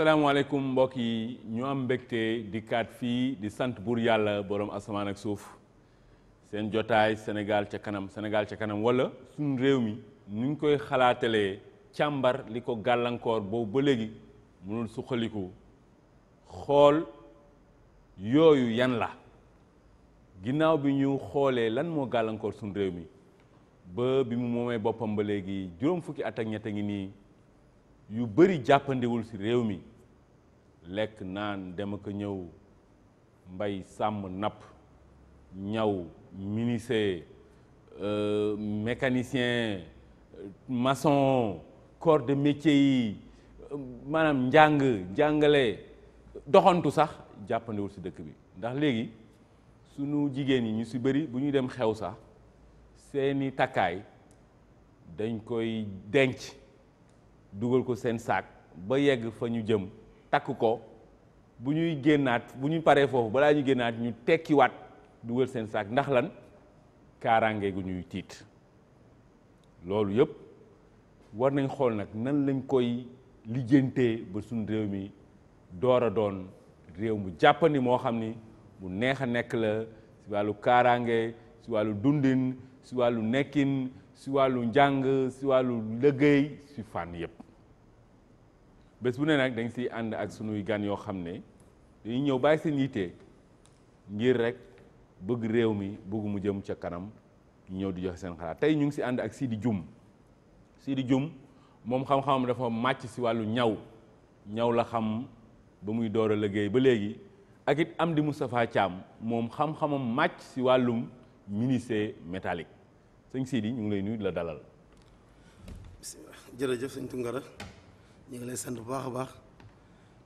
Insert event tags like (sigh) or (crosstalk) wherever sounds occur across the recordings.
asalaamaaleykum mbokk yi ñu am mbégte di fii di sant buur yàlla boroom asamaan ak suuf seen jotaay senegaal ca kanam Sénégal ca kanam wala suñ réew mi nu ñu koy xalaatalee càmbar li ko gàllankoor boobu ba léegi mënul suqaliku xool yooyu yan la ginnaaw bi ñu xoolee lan moo gàllankoor suñ réew mi ba bi mu moomee boppam ba léegi juróom fukki at ak ñett a ngi nii yu bari jàppandiwul ci réew mi lekk naan dem ak ñëw mbay sàmm napp ñaw menuisier euh, mécanicien maçon corps de métier yi maanaam njàng njàngale doxantu sax jàppandewul si dëkk bi ndax léegi suñu jigéen yi ñu si bari bu ñuy dem xew sax seeni takkaay dañ koy denc dugal ko seen saak ba yegg fa ñu jëm takk ko bu ñuy génnaat bu ñu paree foofu balaa ñuy génnaat ñu tekkiwaat dugal seen saak ndax lan kaaraange gu ñuy tiit loolu yëpp war nañ xool nag nan lañ koy lijjantee ba suñ réew mi door a doon réew mu jàppandi moo xam ni mu neex a nekk la si wàllu kaaraange si wàllu dundin si wàllu nekkin si wàllu njàng si wàllu liggéey si fànn yëpp bés bu nee nag dañ si ànd ak suñuy gan yoo xam ne dañuy ñëw bàyyi seen yitte ngir rek bëgg réew mi bëgg mu jëm ca kanam ñëw di joxe seen xalaat tey ñu ngi si ànd ak sii Sidi Dioum Sidi Dioum moom xam-xamam dafa màcc si wàllu ñaw ñaw la xam ba muy door a liggéey ba léegi ak it am Amdi Moustapha Thiam moom xam-xamam màcc si wàllum menuiserie métallique sëñ Sidi ñu ngi lay nuyu la dalal. jërëjëf sëñ Tounkara ñu ngi lay sant bu baax a baax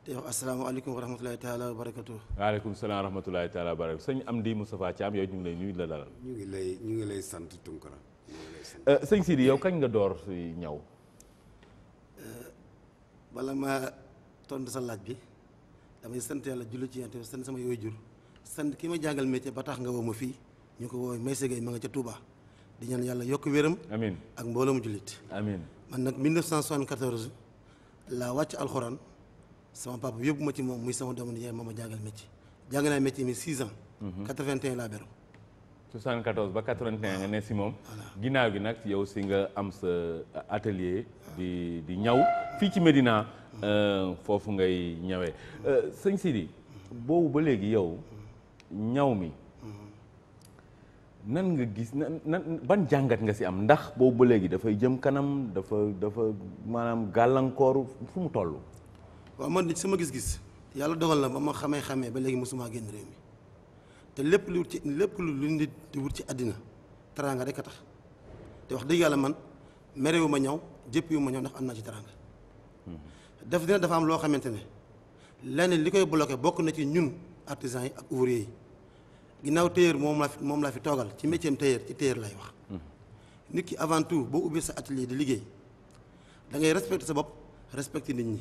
te yow asalaamaaleykum wa rahmatulahi taala wa barakatu. alekum salaam wa rahmatulahi taala wa barakatu sëñ Amdi Moustapha Thiam yow ñu ngi lay nuyu ngi lay ñu ngi lay sant Tunkara. Euh, sëñ Sidi yow kañ nga door si ñaw. Euh, bala ma tontu sa laaj bi damay sant yàlla julli ci yante sant sama yooyu jur sant ki ma jàngal métier ba tax nga woo ma fii ñu ko woowee Maysa Gueye mu nga ca Touba. di ñaan yàlla yokk wéram. amiin ak mbooloo mu jullit. amiin man nag 1974. laa wàcc alxuraan sama papa yóbbu ma ci moom muy sama doomu nijaay moom ma jàngal métier jàng naa métier mi 6 ans. 81 mhm. laa beru. 74 ba 81 nga ne si moom. ginnaaw gi nag yow si nga am sa atelier. di di ñaw fii ci Medina. Mhm. Euh, foofu ngay ñawee euh, sëñ Sidi. boobu ba léegi yow ñaw mi. nan nga gis nan nan ban jàngat nga si am ndax boobu léegi dafay jëm kanam dafa dafa maanaam gàllankooru fu mu toll. waaw man nit sama gis-gis yàlla dogal na ba ma xamee xamee ba léegi mosuma génn réew mi te lépp lu wut ci lépp lu nit di wut ci àddina teraanga rek a tax te wax dëgg yàlla man merewu ma ñëw jéppiwu ma ñëw ndax am naa ci teraanga. Hmm. def dina dafa am loo xamante ne leneen li koy bloqué bokk na ci ñun artisans yi ak ouvriers yi. ginnaaw tailleur moom la moom la fi toogal ci métier am tailleur ci tailleur lay wax. Hmm. nit ki avant tout boo ubbee sa atelier di liggéey da ngay respecter sa bopp respecter nit ñi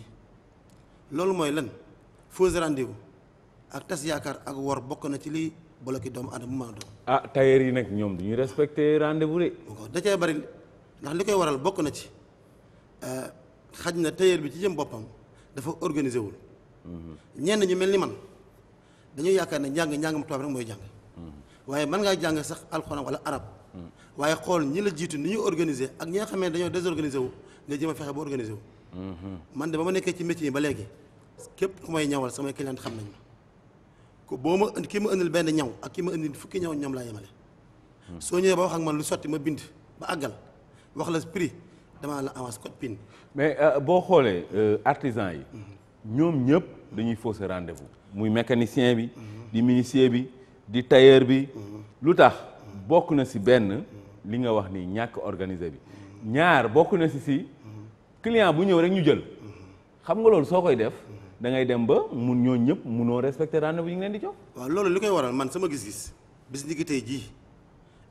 loolu mooy lan faux rendez ak tas yaakaar ak wor bokk na ci li bloqué doom aadama mu doom ah tailleur yi nag ñoom du ñuy respecter rendez-vous de. da cee bari ndax li koy waral bokk na ci euh, xaj na tailleur bi ci jëm boppam dafa organisé wul. Hmm. ñenn ñu mel ni man dañu yaakaar ne njàng njàng mu tubaab mooy jàng. waaye man ngaa jàng sax alxuraan wala arab waaye xool ñi la jiitu ni ñu organiser ak ñi nga xam ne dañoo désorganiser wu nga jëm a fexe ba organiser wu man de ba ma nekkee ci métier ba léegi képp ku may ñawal samay client xam nañ ma ko boo ma kii ma indil benn ñaw ak ki ma indil fukki ñaw ñoom laa yemale soo ñëwee ba wax ak man lu sotti ma bind ba àggal wax la prix damaa la avance code PIN mais euh, boo xoolee euh, artisan yi ñoom ñëpp dañuy fausser rendez fu muy mécanicien bi bi di tailleur bi mm-hmm. lu tax bokk na si benn li nga wax ni ñàkk organisé bi mm-hmm. ñaar bokk na si si mm-hmm. client bu ñëw rek ñu jël xam nga loolu soo koy def da ngay dem ba mun ñoo ñëpp munoo respecté rendez-vous yi ngi leen di jox. waaw loolu li koy waral man sama gis-gis bis ni ki tey jii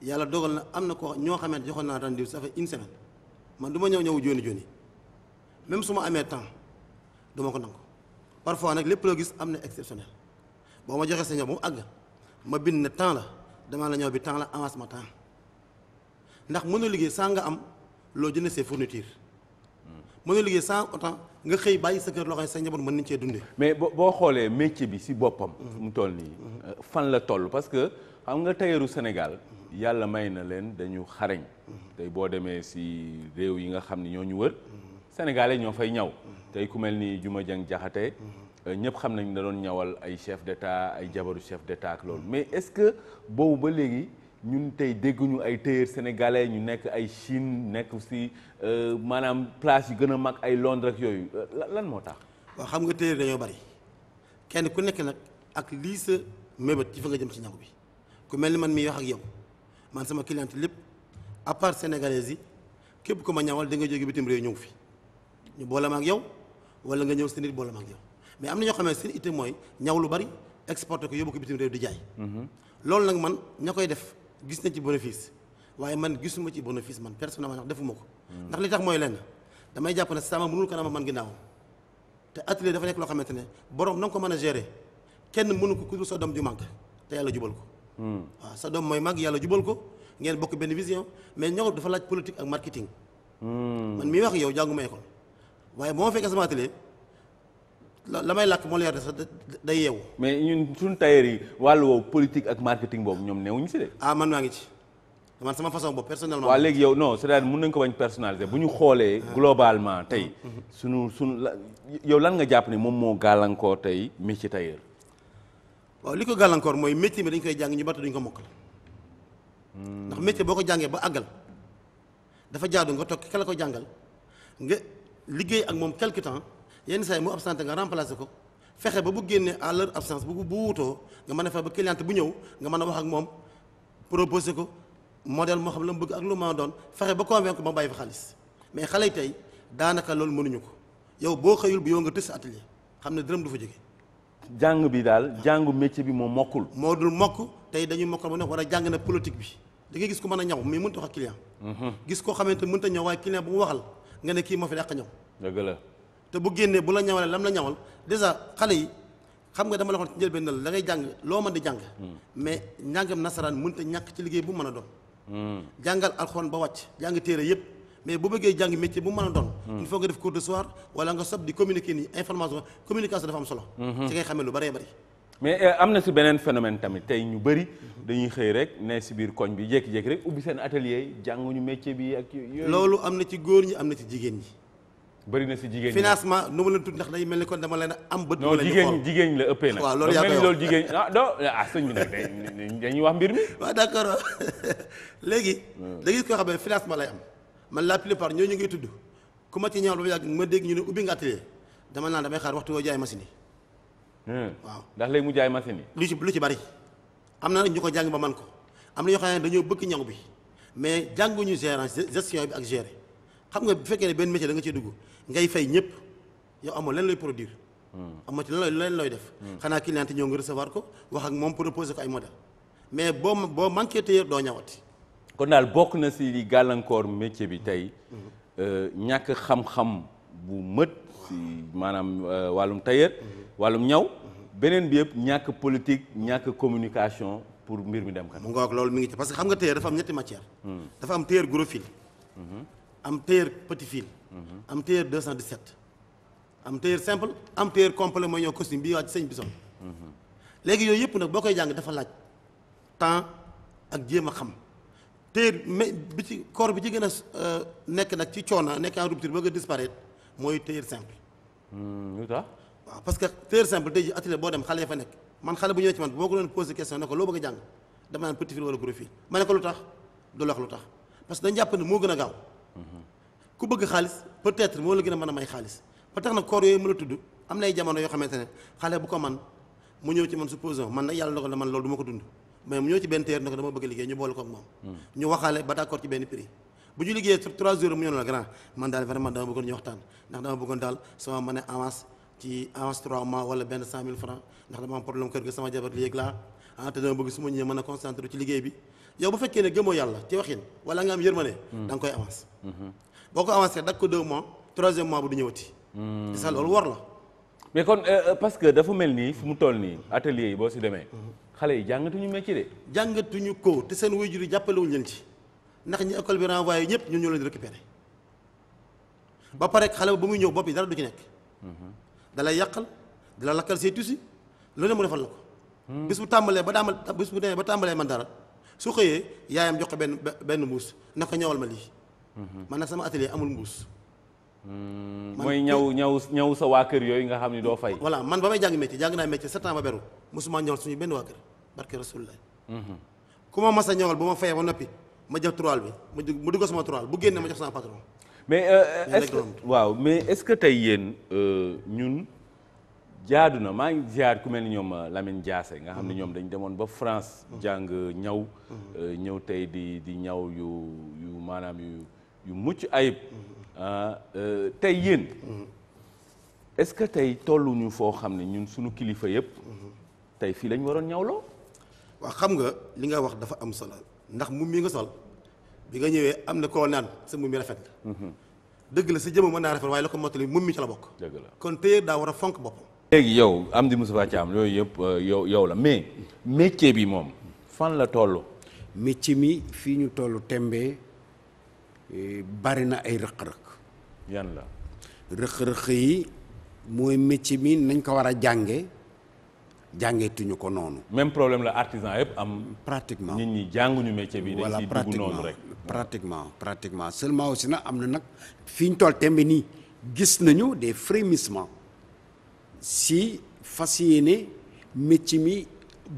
yàlla dogal na am na ko ñoo xamante joxoon naa rendez-vous ça fait man du ma ñëw ñëw joni joni même su ma amee temps du ma ko nangu parfois nag lépp loo gis am na exceptionnel boo ma joxee sa mu àgg. ma bind na temps la damaa la ñëw bi temps la avance ma temps ndax mën a liggéey sans nga am loo jënd see fourniture mën liggéey sans autant nga xëy bàyyi sa kër loxo sa njaboot mën nañ cee dundee. mais boo xoolee métier bi si boppam. mu toll nii euh, fan la toll parce que xam nga tailleur Sénégal. yàlla may na leen dañu xarañ. tey boo demee si réew yi nga xam ni ñoo ñu wër. sénégalais ñoo fay ñaw. tey ku mel nii Juma Jeng Jaxate Euh, ñëpp xam nañ da doon ñawal ay chef d'état ay jabaru chef d'état ak loolu mais est-ce que boobu ba léegi ñun tey dégguñu ay tailleur sénégalais ñu nekk ay Chine nekk si euh, maanaam place yi gën a mag ay Londres ak yooyu euh, lan moo tax. waaw xam nga tailleur dañoo bari kenn ku nekk nag ak lii sa mébét yi fa nga jëm ci ñaw bi ku mel ni man miy wax ak yow man sama cliente lépp à part sénégalais yi képp ko ma ñawal da nga jóge bitim réew ñëw fi ñu boolema ak yow wala nga ñëw si nit boolema mais am na ñoo xam ne seen itte mooy ñaw lu bari exporté ko yóbbu ko bitim réew di jaay. Mhm. loolu nag man ña koy def gis na ci bénéfice waaye man gisuma ci bénéfice man personnellement ndax defuma ko. Mhm. ndax li tax mooy lenn damay jàpp ne sama mënul kanam man ginnaawam te atelier dafa nekk loo xamante ne borom na ko mën a gérer kenn mënu ko ku dul sa doom ju màgg te yàlla jubal ko. Hmm. waaw sa doom mooy mag yàlla jubal ko ngeen bokk benn vision mais ñoo dafa laaj politique ak marketing. Hmm. man mii wax yow jànguma école waaye la may làkk moo leer sax day yeewu. mais ñun suñu tailleur yi wàll woowu politique ak marketing boobu ñoom newuñu si de. ah man maa ngi ci man sama façon boobu personnellement. waaw léegi yow non c'est-à-dire mën nañ ko bañ personnaliser bu ñu xoolee. Ah. globalement tey. Mm-hmm. Mm-hmm. suñu suñu la yow lan nga jàpp ne moom moo gàllankoor tey métier tailleur. waaw li ko gàllankoor mooy métier mi dañ koy jàng ñu bata duñ ko mokkal. Hmm. ndax métier boo ko jàngee ba àggal dafa jaadu nga toog kala ko jàngal nga liggéey ak moom quelque temps. yenn saa yi mu absenté nga remplacé ko fexe ba bu génne à leur absence bu bu wutoo nga mën a fexe ba client bu ñëw nga mën a wax ak moom proposé ko modèle moo xam la bëgg ak lu ma doon fexe ba convaincre ba bàyyi fa xaalis mais xale tey daanaka loolu mënuñu ko yow boo xëyul bu yow nga tës atelier xam ne dërëm du fa jóge jàng bi daal jàngu métier bi moo mokkul. moo dul mokk tey dañuy mokkal ba ne war a jàng na politique bi da ngay gis ko mën a ñaw mais mënut a ak client. Mhm. gis koo xamante mënut a ñaw waaye client bu mu waxal nga ne kii moo fi dàq ñaw. te bu génnee bu la ñawalee lam la ñawal déjà xale yi xam nga dama la waxoon ci njëlbeen la da ngay jàng loo man di jàng hmm. mais njàngam nasaraan mënut a ñàkk ci liggéey bu mën a doon hmm. jàngal alxuraan ba wàcc jàng téere yëpp mais bu bëggee jàng métier bu man a doon hmm. il faut nga def cours de soir wala nga sob di communiquer ni information communication dafa am solo ci ngay xamee lu bëree bëri mais euh, am na si beneen phénomène tamit tey ñu bëri dañuy xëy rek ne si biir koñ bi jékki-jékki rek ubbi seen atelier yi jànguñu métier bi ak loolu am na ci góor ñi am na ci jigéen ñi bëri na si jigéen ñi financement nu ma leen tudd ndax day mel ni kon dama leen am. bët bu jigéen jigéen ñi la ëppee nag. waaw loolu yaa koy wax loolu jigéen (laughs) ah non ah sëñ bi d' accord (laughs) léegi. da gis koo xam ne lay am man la plupart ñooñu ngi tudd ku ma ci ñëwal ba yàgg ma dégg ñu ne ubbi nga atelier dama naan damay xaar waxtu woo jaay machine hmm. waaw ndax léegi mu jaay machine yi. lu ci lu ci bari am na nag ñu ko jàng ba man ko am na ñoo xam ne dañoo bëgg ñaw bi mais jànguñu gérance gestion bi ak gérer xam nga bu fekkee ne benn métier da nga cee dugg ngay fay ñëpp yow amoo leen lay produire. Hmm. amoo ci lan looy lan looy def. Hmm. xanaa client ñëw nga recevoir ko wax ak moom proposer ko ay modèle mais boo boo manqué téye doo ñawati. kon daal bokk na si li gàllankoor métier bi tey hmm. euh, ñàkk xam-xam bu mët si maanaam euh, wàllum tailleur wàllum ñaw beneen bi yëpp ñàkk politique ñàkk communication pour mbir mi dem kan mu ngoog loolu mi ngi ci parce que xam nga tailleur dafa am ñetti matière dafa am tailleur gros fil am tailleur petit fil am tailleur 217 am tailleur simple am tailleur complet mooy ñëw costume bi wàcc sëñ bi son léegi yooyu yëpp nag boo koy jàng dafa laaj temps ak jéem a xam tailleur mais bi ci corps bi ci gën a euh, nekk nag ci coono nekk en rupture bëgg a disparaître mooy tailleur simple. Hmm, lu tax waaw parce simple tey jii boo dem xale ya fa nekk man xale bu ñëwee ci man boo ko doon posé question ne ko loo bëgg a jàng dama naan petit fil wala ma ne lu tax du lu tax parce que dañ jàpp ne moo gën a gaaw. ku bëgg xaalis peut-être moo la gën a mën a may xaalis ba tax na koor yooyu ma la tudd am na ay yoo xamante ne xale bu ko man mu ñëw ci man supposons man nag yàlla dogal man loolu du ko dund mais mu ñëw ci benn teer ne dama bëgg liggéey ñu boole ko moom hmm. ñu waxaale ba d'accord ci benn prix bu ñu liggéeyee trois jours mu ñëw la grand man daal vraiment dama bëggoon ñu waxtaan ndax dama ah, bëgg su ma ñëwee a concentré ci liggéey bi yow boo ko avancé dak ko deux mois troisième mois bu du ñëwati. Hmm. te sax loolu war la. mais kon euh, euh, parce que dafa mel nii fu mu toll nii atelier yi boo si demee. xale yi jàngatuñu métier de. jàngatuñu ko te seen waajur yi jàppalewuñ leen ci ndax ñu école bi renvoyé ñëpp ñun ñoo leen di récupéré ba pare xale ba muy ñëw bopp yi dara du ci nekk. Hmm. dalay yàqal dala lakkal say tusi loolu mu defal la ko. Hmm. bis bu tàmbalee ba daamal bis bu demee ba tàmbalee man dara su xëyee yaayam jox ko benn benn mbuus na ñëwal ma lii. Mhm. man nag sama atelier amul mbuus. Hmm, mooy ñaw ñaw ñaw sa waa kër yooyu nga xam ni doo fay. voilà man ba may jàng métier jàng naa métier sept ans ba beru mosuma ñëwal suñu benn waa kër barke rasulullah. Mhm. ku mas a ñëwal bu ma fayee ba noppi ma jox toile bi ma dugg ma dugg sama toile bu génne ma jox sama patron. mais euh, euh, est waaw mais est-ce que tey yéen euh, ñun. jaadu na maa ngi ziar ku mel ni ñoom Lamine Diassé nga xam ne mhm. ñoom dañ demoon ba France jàng ñaw ñëw tey di di ñaw yu yu maanaam yu yu mucc ayib ah, euh, tey yéen est-ce que tey tolluñu foo xam ne ñun suñu kilifa yëpp tey fii lañ waroon ñawloo waa xam nga li nga wax dafa am solo ndax mu mii nga sol bi nga ñëwee am na koo naan sa mu mi rafet la dëgg la sa jëmm mën naa rafet waaye la ko mottali mu mi ci la bokk dëgg la kon téye daa war a fonk boppam léegi yow am Amdy Moustapha Thiam yooyu yëpp euh, yow yow la mais métier bi moom fan la toll métier mi fii ñu toll tembee bari na ay rëq-rëq. yan la. rëq yi mooy métier mi nañ ko war a jànge jàngeetuñu ko noonu. même problème la artisan yëpp am. pratiquement nit ñi jànguñu métier bi. dañ ciy dugg pratiquement pratiquement seulement aussi nag am na nag fi ñu toll tembe nii gis nañu des frémissements si fas yéene métier mi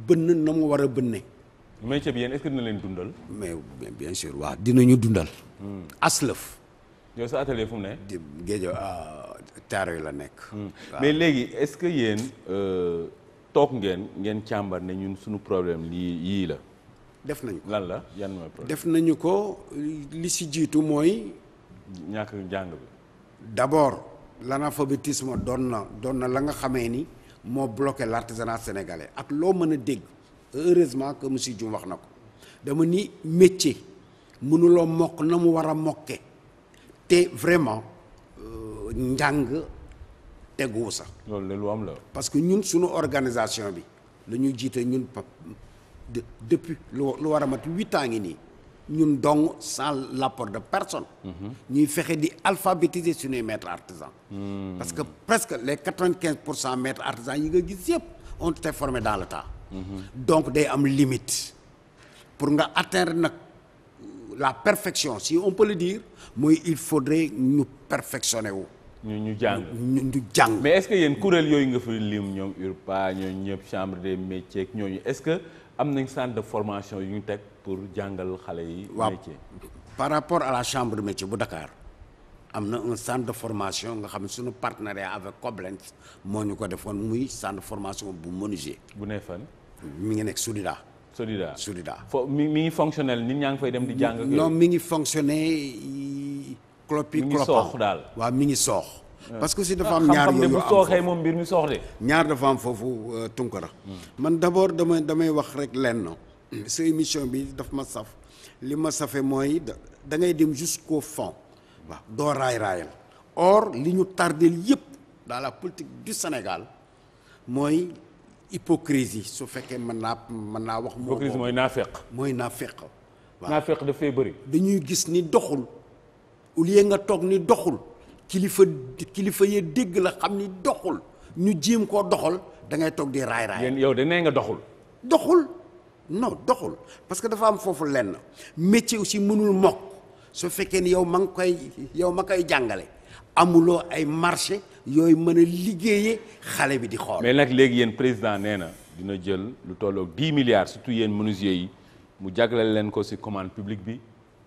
bënn na mu war a bënne. métier bi yéen est-ce que dina leen dundal. mais bien sûr dina ñu dundal. aslëf. yow sa atelier fu mu ne. di géej ah, taaro yi la nekk. Hmm. mais léegi est-ce que yéen euh, toog ngeen ngeen càmbar ne ñun suñu problème lii yii la. def nañ ko lan la yan mooy problème def nañu ko li si jiitu mooy. ñàkk jàng bi. d'abord l'analphabétisme doon na doon na la nga xamee ni moo bloqué l'artisanat sénégalais ak loo mën a dégg heureusement que monsieur Diouf wax na ko dama ni métier. mënuloo mokk na mu war a mokke te vraiment euh, njàng teguwu sax loolu lu am la parce que ñun suñu organisation bi la ñuy jiite ñun pap depuis lu war a mat huit ans ngi nii ñun dong sans l'apport de personne mhm. ñuy fexe di alphabétiser suñuy maîtres artisans mmh. parce que presque les quatre-vingt-quinze pour cent maîtres yi nga gis yëpp ont été formés dans le temps mmh. donc day am limite pour nga atteindre nag la perfection si on peut le dire mooy il faudrait ñu perfectionner wu. ñu ñu jàng ñu jàng. mais est-ce que yéen kuréel yooyu nga fi lim ñoom URPA ñooñu ñëpp chambre des métiers ñooñu est-ce que am nañ centre de formation yu ñu teg pour jàngal xale yi. métier par rapport à la chambre de métier bu dakaar am na un centre de formation nga xam suñu partenariat avec Koblenz moo ñu ko defoon muy centre de formation bu menuisier. bu ne fan. mi ngi nekk Soudida. solida solida fo mi mi ngi fonctionnel nit ñaa ngi fay dem di jàng. non mi ngi fonctionné clopi clopan mi ngi soox daal waaw mi ngi soox. Euh, parce que aussi dafa ah, am ñaar yooyu am sooxee moom mbir mi soox de. ñaar dafa am foofu euh, tunkara. Hmm. man d'abord damay damay wax rek lenn. sa émission bi daf ma saf li ma safe mooy da ngay dem jusqu'au fond. waaw doo raay raayal. or li ñu tardel yépp dans la politique du Sénégal mooy hypocrisie su fekkee mën naa mën naa wax. hypocrisie mooy naafeq. mooy naafeq. waaw naafeq dafay bëri. dañuy gis ni doxul au lieu nga toog ni doxul kilifa kilifa yee dégg la xam ni doxul ñu jéem koo doxal da ngay toog di raay raay. yow de nee nga doxul. doxul non doxul parce que dafa am foofu lenn métier aussi mënul mokk su fekkee ni yow ma ngi koy yow ma koy jàngale. amuloo ay marché yooyu mën a liggéeyee xale bi di xool. mais nag léegi yéen président nee na dina jël lu tolloog dix milliards surtout yéen menuisiers yi mu jagleel leen ko si commande publique bi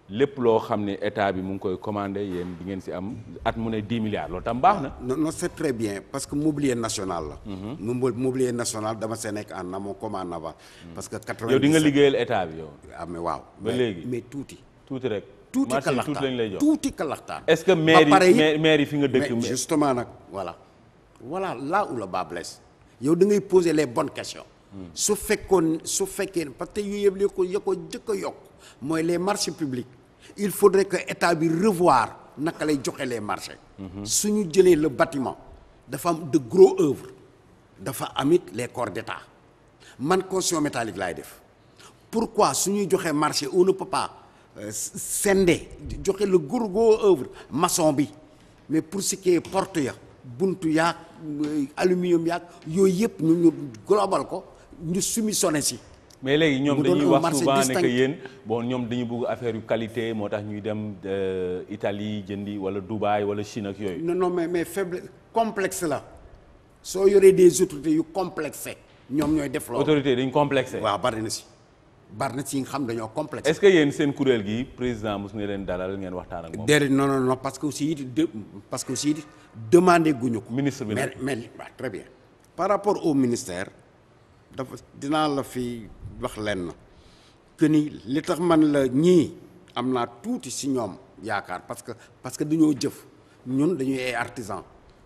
lépp loo xam ne état bi mu ngi koy commandé yéen di ngeen ci am at mu ne dix milliards loolu tam baax na. non non c'est très bien parce que mobilier national la. Mhm. mu mobilier national dama see nekk en amont comme en avant. Mhm. parce que quatre vingt yow nga liggéeyal état bi yow. ah mais waaw. léegi mais tuuti. tuuti rek. tuuti kalaxtaan lañ lay jox tuuti kalaxtaan est-ce que maire maire yi fi nga dëkk mais justement nag voilà voilà là où le bas yow da ngay poser les bonnes questions hmm. su fekkoon su fekkee parce que yooyu yëpp li ko ya ko jëkk yokk mooy les marchés publics il faudrait que état bi revoir naka lay joxe les marchés hmm. suñu jëlee le batiment dafa am de gros œuvres dafa amit les corps d'état man caution métallique laay def pourquoi suñuy joxe marché on ne peut pas Euh, sende joxe la gros gros œuvre bi mais pour ce qui est porte ya buntu yaag euh, aluminium yaag yooyu yëpp ñu ñu global ko ñu sone si mais léegi ñoom dañuy wax souvent ne que yéen bon ñoom dañu bugg affaire yu qualité moo tax ñuy dem euh, Italie jëndi wala Dubaï wala china ak yooyu non non mais mais faible complexe la soo yoree des autorités yu complexe ñoom ñooy def loolu autorité dañu complexé waaw bari na si bari na ci nga xam dañoo complexe. est-ce que yéen seen kuréel gi président mos na leen dalal ngeen waxtaan ak moom. déedéet non non non parce que aussi de parce que aussi demandé ko. ministre bi mais mais waaw très bien. par rapport au ministère dafa dinaa la fi wax lenn que li tax man la ñii am naa tuuti si ñoom yaakaar parce que parce que dañoo jëf ñun dañuy ay artisan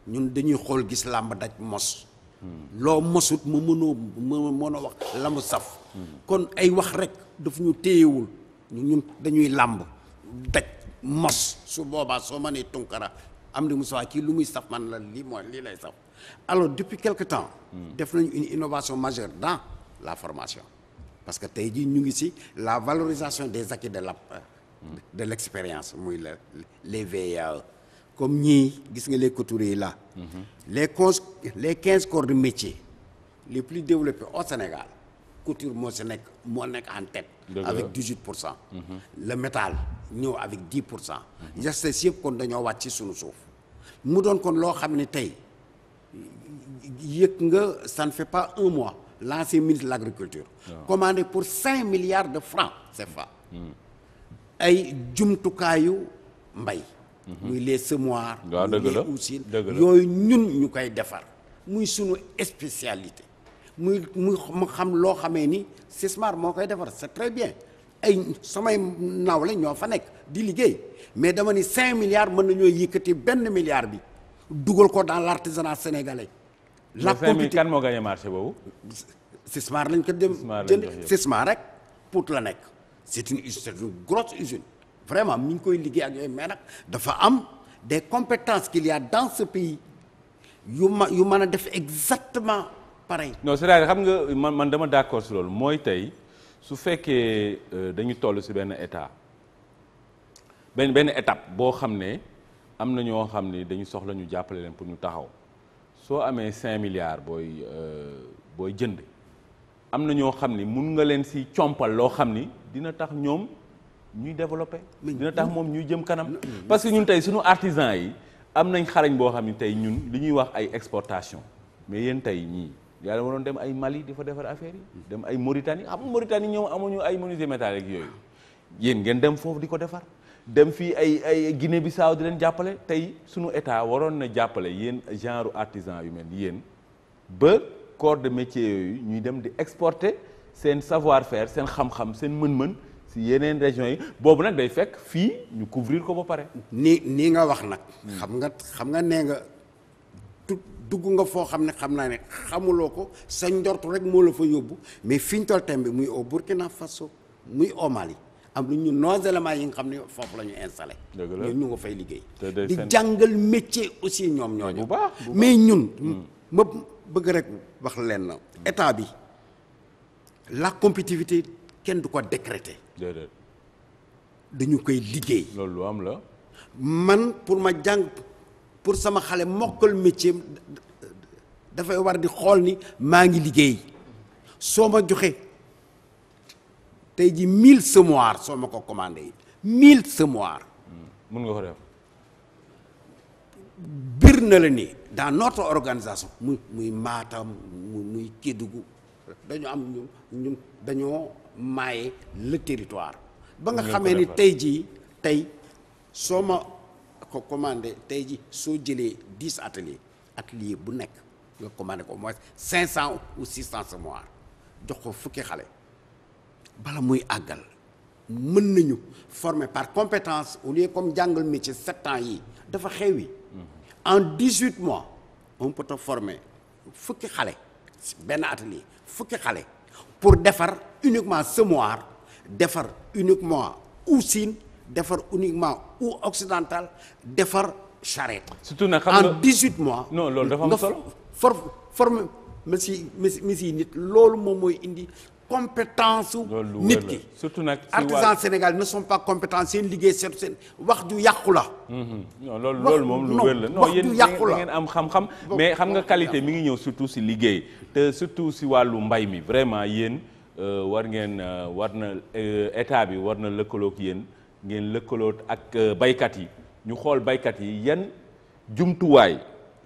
ñun dañuy xool gis làmb daj mos. Hmm. loo mosut mu mënoo mu mën a wax la mu saf. kon ay wax rek daf ñu téyewul ñun dañuy làmb daj mos su boobaa soo ma nee Tunkara am di Moussa ci lu muy saf man la lii mooy lii lay saf alors depuis quelque temps hmm. def nañu une innovation majeure dans la formation parce que tey jii ñu ngi si la valorisation des acquis de la hmm. de l'expérience muy la les VAE e. comme ñii gis nga les couturiers là hmm. les cons les quinze corps de métier les plus développés au Sénégal couture moo si nekk moo nekk en tête. avec 18 pour cent. Mhm. le métal ñëw avec 10 pour cent. gestes yëpp kon dañoo wàcc sunu suuf mu doon kon loo xam ne tey yëg nga ça ne fait pas un mois l'ancien ministre de l' agriculture. waaw pour cinq milliards de francs CFA. Mhm. ay jumtukaayu mbay. Mhm. muy les semoirs. waaw muy les usines yooyu ñun ñu koy defar muy sunu spécialité. muy muy ma xam loo xamee ni Sismar moo koy defar c'est très bien ay samay nawle ñoo fa nekk di liggéey mais dama ni cinq milliards mën nañoo yëkkati benn milliard bi dugal ko dans l'artisanat sénégalais. la compétitivité kan moo gagné marché boobu. Sismar lañ ko dem jënd Sismar rek pour la nekk c'est une c'est une grosse usine vraiment mi ngi koy liggéey ak yooyu mais nag dafa am des compétences qu'il dans ce pays yu ma yu mën a def exactement. pareil. non cest à xam nga man man dama d'accord si loolu mooy tay su fekkee euh, dañu toll si benn état benn benn étape boo xam ne am na ñoo xam ne dañu soxla ñu jàppale leen pour ñu taxaw soo amee 5 milliards booy euh, booy jënd am na ñoo xam ni mun nga leen si compal loo xam ni dina tax ñoom ñuy développer. dina tax moom ñuy jëm kanam. parce que ñun tey suñu artisans yi am nañ xarañ boo xam ni tey ñun li ñuy wax ay exportation mais yéen tey ñii yàlla waroon dem ay Mali di fa defar affaire yi dem ay Mauritanie xam Mauritanie ñoom amuñu ay menuisier métallique yooyu yéen ngeen dem foofu di ko defar dem fii ay ay Guinée Bissau di leen jàppale tey suñu état waroon na jàppale yéen genre artisan yu mel ni yéen ba corps de métier yooyu ñuy dem di exporter seen savoir faire seen xam-xam seen mën-mën si yeneen régions yi boobu nag day fekk fii ñu couvrir ko ba pare. nii nii nga wax nag. xam xam nga nee nga dugg nga foo xam ne xam naa ne xamuloo ko sa njort rek moo la fa yóbbu mais fi ñu toll tembe muy au Burkina Faso muy au Mali am lu ñu nos éléments yi nga xam ne foofu la ñu installé. ñun ñu nga fay liggéey. di jàngal métier aussi ñoom ñooñu. mais ñun. Hmm. ma bëgg rek wax leen na état bi la compétitivité kenn du ko décréter. dañu koy liggéey. loolu lu am man pour ma jàng. pour sama xale mokkal métier dafay war di xool ni maa ngi liggéey soo ma joxe tey ji mille semoir soo ma ko commandé yi mille semoir hmm. mun nga ko na la ni dans notre organisation muy muy Matam muy Kédougou dañu am ñu ñu dañoo maaye le territoire ba nga xamee ni tey jii tey soo ma ko commandé tey ji soo jëlee dix atelier atelier bu nekk nga commandé ko au moins cinq cent ou six cent semoir jox ko fukki xale bala muy àggal mën nañu former par compétence au lieu comme jàngal métier sept ans yi dafa xewi mhm. en dix-huit mois on peut fukki xale benn atelier fukki xale pour defar uniquement semoire defar uniquement usine defar uniquement ou occidental defar charrette. surtout nag xam nga en dix huit mois. non loolu dafa am solo for forme mesi mesi nit loolu moom mooy indi compétence. nit ki surtout nag artisan Sénégal ne sont pas compétents seen liggéey seet seen wax ju yàqu la. Mhm. non loolu loolu moom lu wér la non yéen da ngeen am xam-xam. mais xam nga qualité mi ngi ñëw surtout si liggéey te surtout si wàllu mbay mi vraiment yéen euh, war ngeen euh, war na euh, état bi war na lëkkaloog yéen. ngeen lëkkaloot ak euh, baykat yi ñu xool baykat yi yan jumtuwaay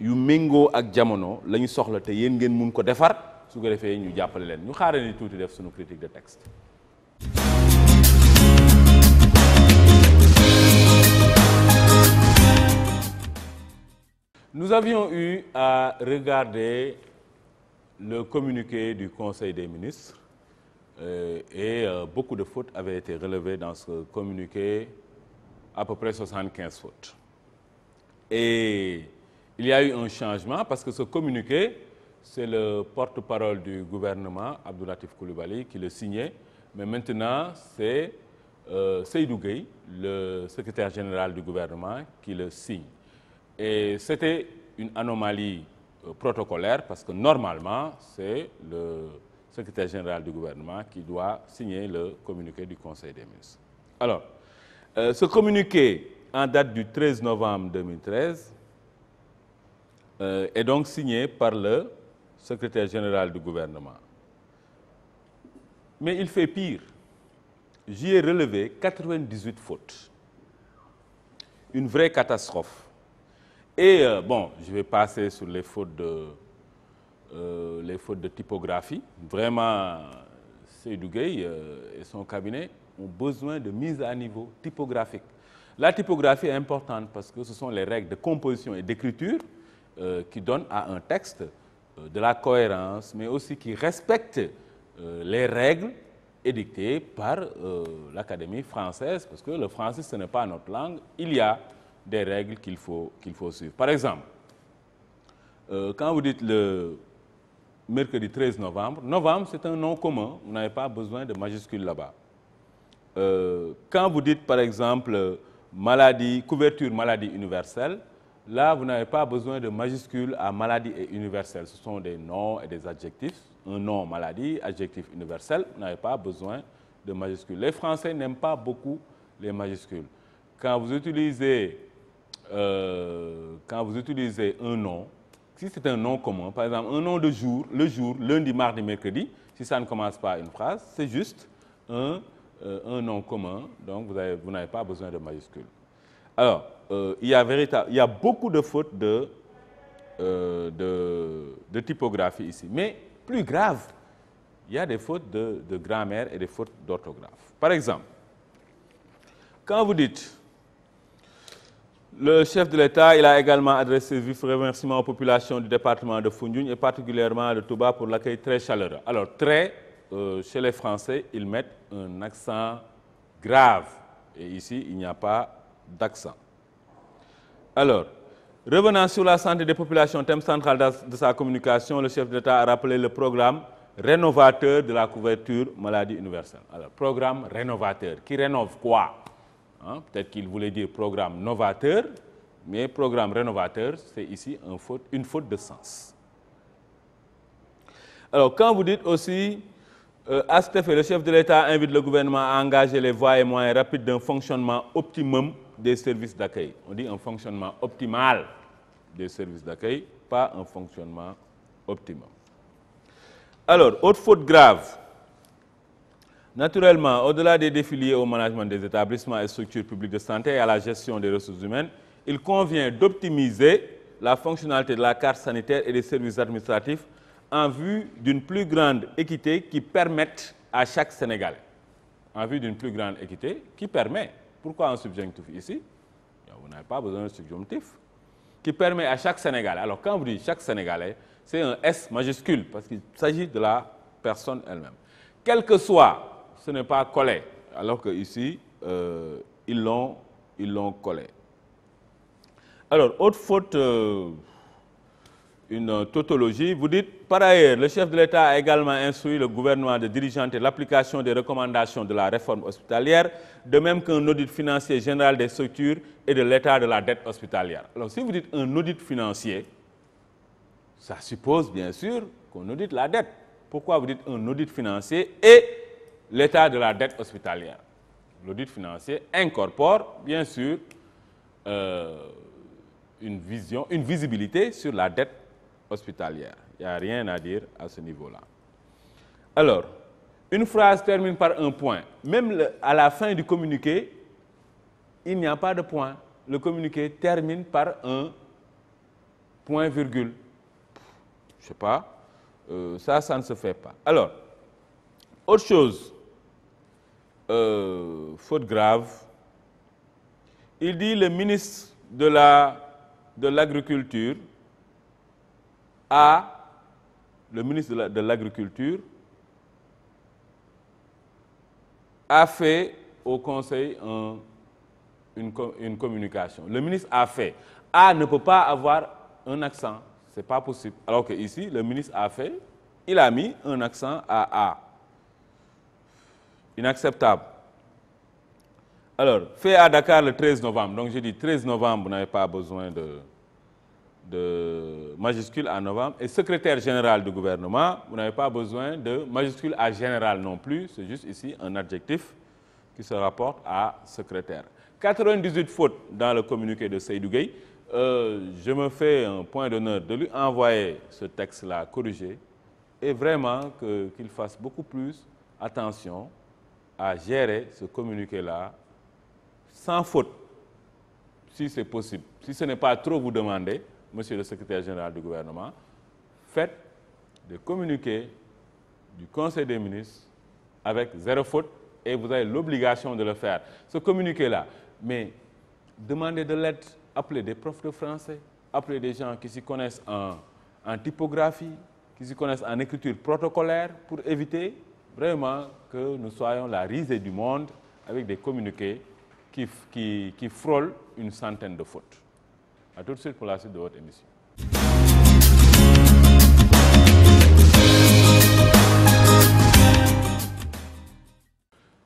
yu méngoo ak jamono la ñu soxla te yéen ngeen mun ko defar su ko defee ñu jàppale leen ñu xaaree tuuti def suñu critique de texte. Nous avions eu à regarder le communiqué du Conseil des ministres Euh, et euh, beaucoup de fautes avaient été relevées dans ce communiqué, à peu près 75 fautes. Et il y un changement parce que ce communiqué, c'est le porte-parole du gouvernement, Abdoulatif Koulibaly, qui le Mais maintenant, c'est euh, Seydou Gueye, le général du gouvernement, qui le Et c'était une anomalie euh, protocolaire parce que normalement, c'est le secrétaire général du gouvernement qui doit signer le communiqué du Conseil des Alors, euh, ce en date du 13 novembre 2013, euh, est donc signé par le secrétaire général du gouvernement. Mais il fait pire. J'y ai relevé 98 fautes. Une vraie catastrophe. Et euh, bon, je vais passer les fautes de euh, les fautes de typographie. Vraiment, Seydou Gueye euh, et son cabinet ont besoin de mise à niveau typographique. La typographie est importante parce que ce sont les règles de composition et d'écriture euh, qui donnent à un texte euh, de la cohérence, mais aussi qui respectent euh, les règles édictées par euh, l'Académie française, parce que le français, ce n'est pas notre langue. Il y a des règles qu'il faut, qu'il suivre. Par exemple, euh, quand vous dites le mercredi 13 novembre. Novembre, c'est un nom commun, vous n'avez pas besoin de majuscule là-bas. Euh, quand vous dites, par exemple, maladie, couverture maladie universelle, là, vous n'avez pas besoin de majuscule à maladie et universelle. Ce sont des noms et des adjectifs. Un nom maladie, adjectif universel, vous n'avez pas besoin de majuscule. Les Français n'aiment pas beaucoup les majuscules. Quand vous utilisez, euh, quand vous utilisez un nom, si c'est un nom commun par exemple un nom de jour le jour lundi mardi mercredi si ça ne commence pas une phrase c'est juste un euh, un nom commun donc vous avez vous n'avez pas besoin de majuscule alors euh, il y a véritable il y a beaucoup de fautes de euh, de de typographie ici mais plus grave il y a des fautes de de grammaire et des fautes d'orthographe par exemple quand vous dites Le chef de l'État, il a également adressé vifs remerciements aux populations du département de Foundiougne et particulièrement de Touba pour l'accueil très chaleureux. Alors, très, euh, chez les Français, ils mettent un accent grave. Et ici, il n'y a pas d'accent. revenant sur la santé des populations, thème central de sa communication, le chef de l'État a rappelé le programme rénovateur de la couverture maladie universelle. programme rénovateur, qui rénove quoi Hein, peut-être qu'il voulait dire programme novateur, mais programme rénovateur, c'est ici une faute, une faute de sens. Alors, quand vous dites aussi, euh, le chef de l'État invite le gouvernement à engager les voies et moyens rapides d'un fonctionnement des services d'accueil. On dit un fonctionnement optimal des services d'accueil, pas un fonctionnement optimum. Alors, autre faute grave, Naturellement, au-delà des défis liés au management des établissements et structures publiques de santé et à la gestion des ressources humaines, il convient d'optimiser la fonctionnalité de la carte sanitaire et des services administratifs en vue d'une plus grande équité qui permette à chaque sénégal en vue d'une plus grande équité qui permet, pourquoi un subjonctif ici Vous n'avez pas besoin à chaque Sénégalais, alors quand vous dites chaque Sénégalais, c'est un S majuscule parce qu'il s'agit de la personne elle-même. ce n'est pas collé alors que ici euh, ils l'ont ils alors autre faute euh, une tautologie vous dites par ailleurs le chef de l'État a également instruit le gouvernement de diligenter l'application des recommandations de la réforme hospitalière de même qu'un audit financier général des structures et de l'état de la dette hospitalière si vous dites un audit financier ça suppose bien sûr qu'on audite la dette pourquoi vous dites un audit financier l'état de la dette hospitalière. L'audit financier incorpore, bien sûr, euh, une vision, une visibilité sur la dette hospitalière. Il n'y a rien à dire à ce niveau-là. Alors, une phrase termine par un point. Même le, à la fin du communiqué, il n'y a pas de point. Le communiqué termine par un point virgule. Je ne pas. Euh, ça, ça ne se fait pas. Alors, autre chose euh, faute grave. Il dit le ministre de la de l'agriculture a le ministre de l'agriculture la, a fait au conseil un, une une communication. Le ministre a fait. A ne peut pas avoir un accent, c'est pas possible. Alors que ici le ministre a fait, il a mis un accent à A. inacceptable. Alors, fait à Dakar le 13 novembre. Donc, j'ai dit 13 novembre, vous n'avez de, de majuscule à Et secrétaire général du gouvernement, vous n'avez pas besoin de majuscule à général non plus. C'est juste ici un adjectif qui se rapporte à secrétaire. 98 fautes le communiqué de Seydou Gueye. Euh, je point d'honneur de lui envoyer ce texte-là corrigé et vraiment qu'il qu fasse plus attention à gérer ce communiqué la sans faute, si c'est possible. Si ce n'est pas trop vous demander, monsieur le secrétaire général du gouvernement, faites des communiqués du Conseil des ministres avec zéro faute et vous avez l'obligation de le faire. Ce communiqué-là, mais demandez de l'aide, appelez des profs de français, appelez des gens qui s'y connaissent en, en typographie, qui s'y connaissent en écriture protocolaire pour éviter vraiment que la risée du monde avec des communiqués qui, qui, une centaine de fautes. À tout de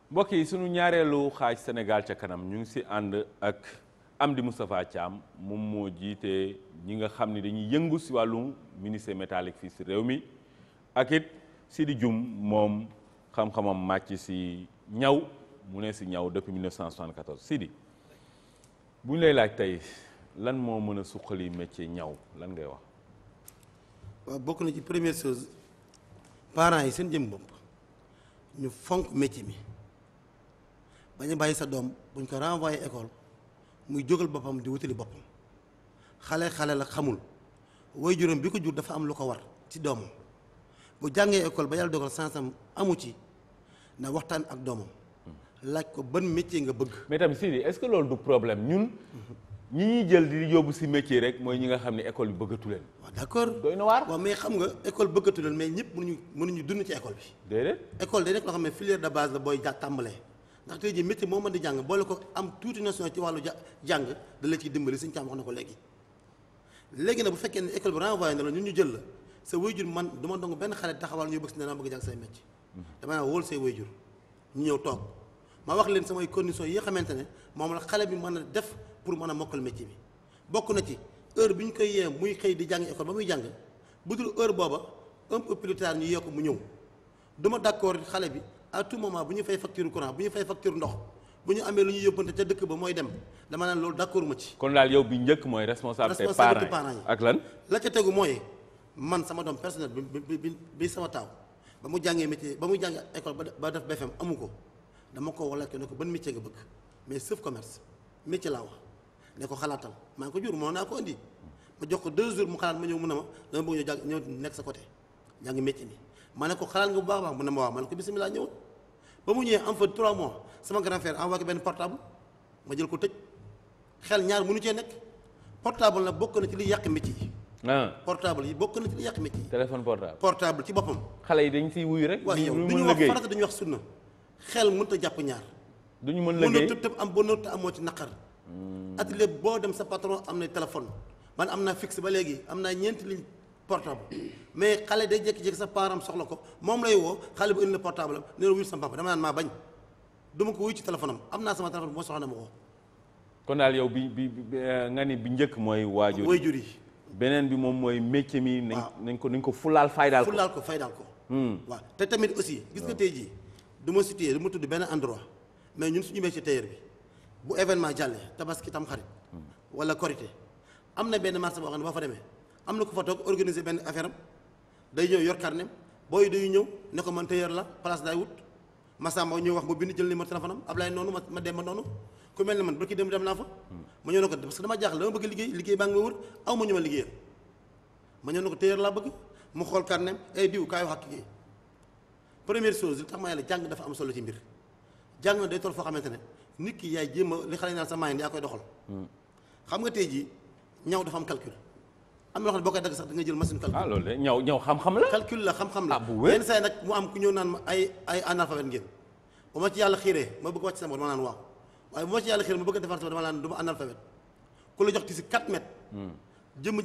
mbokk yi sunu ñaareelu xaaj Sénégal ca kanam ñu ngi si ànd ak Amdi Moustapha Thiam moom moo jiite ñi nga xam ne dañuy yëngu si wàllum ministère métallique fii si réew mi ak it Sidi moom xam-xamam màcc si ñaw mu ne si ñaw depuis 1974 Sidi bu ñu lay laaj tey lan moo mën a suqali métier ñaw lan ngay wax. waaw bokk na ci première chose parent yi seen jëm bopp ñu fonk métier mi bañ a bàyyi sa doom buñ ko renvoyé école muy jógal boppam di wutali boppam xale xale la xamul way juróom bi ko jur dafa am lu ko war ci doomam bu jàngee école ba yàlla dogal sansam amu ci. na waxtaan ak doomam. laaj ko ban métier nga bëgg. mais tamit Sidi est-ce que loolu du problème ñun. ñi ñuy jël di yóbbu si métier rek mooy ñi nga xam ne école bi bëggatu leen. waaw d'accord doy na waar. waaw mais xam nga école bëggatu leen mais ñëpp mënuñu ñu dund ci école bi. déedéet école day nekk loo xam ne filière de base la booy ja tàmbalee. ndax tey jii moo mën di jàng boole ko am tuuti notion ci wàllu ja jàng da la ciy dimbali suñu càmm wax na ko léegi. léegi nag bu fekkee ñu jël la sa waajur man du ma dong benn xale dama naa wool say waajur ñu ñëw toog ma wax leen samay conditions yi xamante ne moom la xale bi mën a def pour mën a mokkal métier bi bokk na ci heure bi ñu koy yee muy xëy di jàng école ba muy jàng bu dul heure booba un peu plus tard ñu yee mu ñëw du ma d'accord xale bi à tout moment bu ñu fay facture courant bu ñu fay facture ndox bu ñu amee lu ñu yóbbante ca dëkk ba mooy dem dama naan loolu d'accord ma ci. kon daal yow bi njëkk mooy responsabilité parents yi ak lan. la ca tegu mooy man sama doom personnel bi bi bi sama taaw. ba mu jàngee métier ba mu jàngee école ba def BFM amu ko dama ko wala ne ko ban métier nga bëgg mais sauf commerce métier laa wax ne ko xalaatal maa ngi ko jur moo naa ko indi ma jox ko deux jours mu xalaat ma ñëw mu ne ma dama bëgg ñu nekk sa côté jàng métier mi ma ne ko xalaat nga bu baax a baax mu ne ma waaw ma ne ko bisimilah ñëwoon ba mu ñëwee am fa trois mois sama grand frère envoyé ko benn portable ma jël ko tëj xel ñaar mënu cee nekk portable la bokk na ci li yàq métier yi Ah. portable yi bokk na ci yàq métier yi téléphone portable portable ci boppam xale yi dañ siy wuyu rek waaw yow duñu wax farata dañu wax sunna xel mënut a jàpp ñaar ñu mën liggéey mënut a am bonut te amoo ci naqar hmm. atelier boo dem sa patron am na téléphone man am naa fixe ba léegi am naa ñeenti ligne portable mais xale day jékki-jékki sa parent soxla ko moom lay woo xale bu indi la portable am nee na wuyu sama papa dama naan maa bañ duma ko wuyu ci téléphone am naa sama téléphone bu ma soxla ma ko kon daal yow bi bi eh, nga ni bi njëkk mooy waajur waajur yi beneen bi moom mooy métier mi. nañ nañ ko nañ ko fulaal faydaal ko ko faydaal ko. Hmm. waaw te tamit aussi. gis nga tey jii du ma situé du ma tudd benn endroit mais ñun suñu métier tailleur bi bu événement jàllee tabaski tam xarit. Hmm. wala korité am na benn marché boo xam ne boo fa demee am na ko fa toog organiser benn affaire day ñëw yor carnet booy day ñëw ne ko man tailleur la place daay wut Massamba ñuy wax mu bind jël numéro téléphone am Ablaye noonu ma ma dem ba noonu. ku mel ni man barki dem dem naa fa ma ñëw ne ko parce que dama jaaxle dama bëgg liggéey liggéey baa ngi ma wër aw ma ñu ma liggéeyal ma ñëw ne ko téyeer laa bëgg mu xool carnet ay eh, diw kaay wax ak kii première chose jàng dafa am solo ci mbir jàng day toll foo xamante ne nit ki yaay jéem a li xale naan sa maayin hmm. xam nga tey jii ñaw dafa am calcul na loo xam ne boo nga jël machine calcul ah loolu de ñaw ñaw xam-xam la calcul xam-xam la ah, yenn saa yi nag am ku ñëw naan ma ay ay analphabète ngeen bu ma ci yàlla xiiree ma bëgg wàcc sama ma naan waaw waaye moo ci yàlla xel mu bëgg a defar sama ma analphabète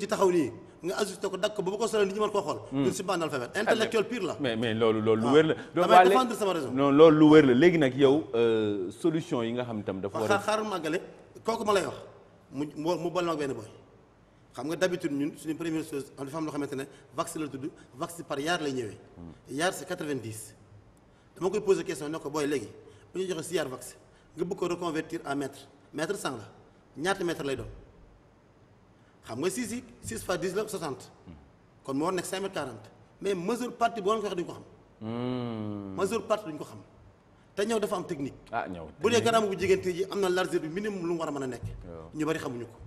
taxaw nii nga ajusté ko dakk ko solo nit ñi mën koo xool hmm. ñun si ba analphabète ah, intellectuel pire la mais mais loolu loolu lu ah. wér la ah, la léegi nag yow euh, solution yi nga xam itam dafa war a xaar maggale kooku ma lay wax mu mu boole ma benn booy xam nga d'habitude ñun suñu première chose dafa am loo xamante ne vaccin la tudd vaccin par yaar lay ñëwee hmm. yaar si 90 dama koy posé question ne ko booy léegi bu ñu joxe si yaar vaccin nga bëgg ko reconvertir en mètre mètre cent la ñaata mètre lay doon xam nga six yi six fois dix la soixante kon moo war nekk cinq mètre quarante mais mesure partie boo ko waxee duñ ko xam. Hmm. mesure partie duñ ko xam te ñëw dafa am technique. ah ñëw bu dee garaam bu jigéen ji am na largeur bi minimum lu mu war a mën a nekk. ñu bari xamuñu ko.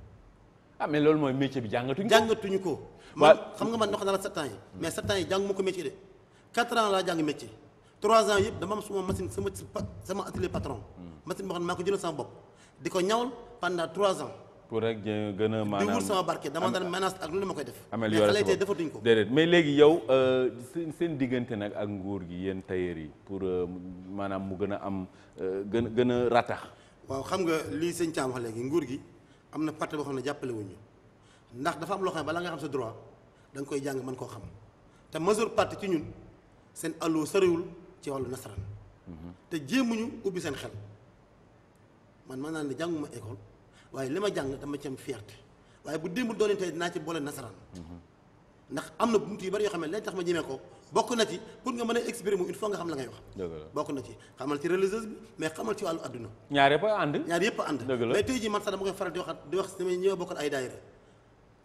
ah mais loolu mooy métier bi jàngatuñu ko jàngatuñu ko. man xam nga man wax na la sept ans yi. mais sept ans yi jànguma ko métier de quatre ans laa jàng métier. trois ans yëpp dama am suma machine sama sama atelier patron. machine boo xam ne maa ko jëlal sama bopp di ko ñawal pendant trois ans. pour rek gën a maanaam di wut sama barke dama daan menace ma koy def. améliorer mais xale defatuñ ko. déedéet mais léegi yow euh, seen seen diggante nag ak nguur gi yéen tailleur yi pour euh, maanaam mu gën a am euh, gën gën a ratax. waaw xam nga lii sëñ Thiam léegi nguur gi am na partie boo xam ne jàppale wuñu ndax dafa am loo xam ne balaa nga xam sa droit da koy jàng mën koo xam te majeure partie ci ñun seen allo soriwul. ci wàllu nasaraan. te jéem ñu ubbi seen xel man mën naa ne jànguma école waaye li ma jàng dama ci am fierté waaye bu démb doonee tey dinaa ci boole nasaraan. ndax am na buntu yu bari yoo xam ne lañ tax ma jëmee ko bokk na ci pour nga mën a exprimer il faut nga xam la ngay wax. bokk na ci xamal ci religieuse bi mais xamal ci wàllu adduna. ñaar yëpp a ànd. ñaar yëpp a ànd. mais tey ji man sax dama koy faral di wax di wax samay ñëw bokkoon ay daayira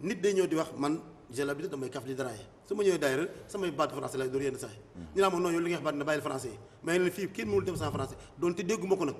nit day ñëw di wax man. j'ai bi damay kaf di daraaye su ma ñëwee daayira samay baatu français lay door yenn saa ñu naa ma noonu li nga wax baat na bàyyil français yi mais leen dem ko nag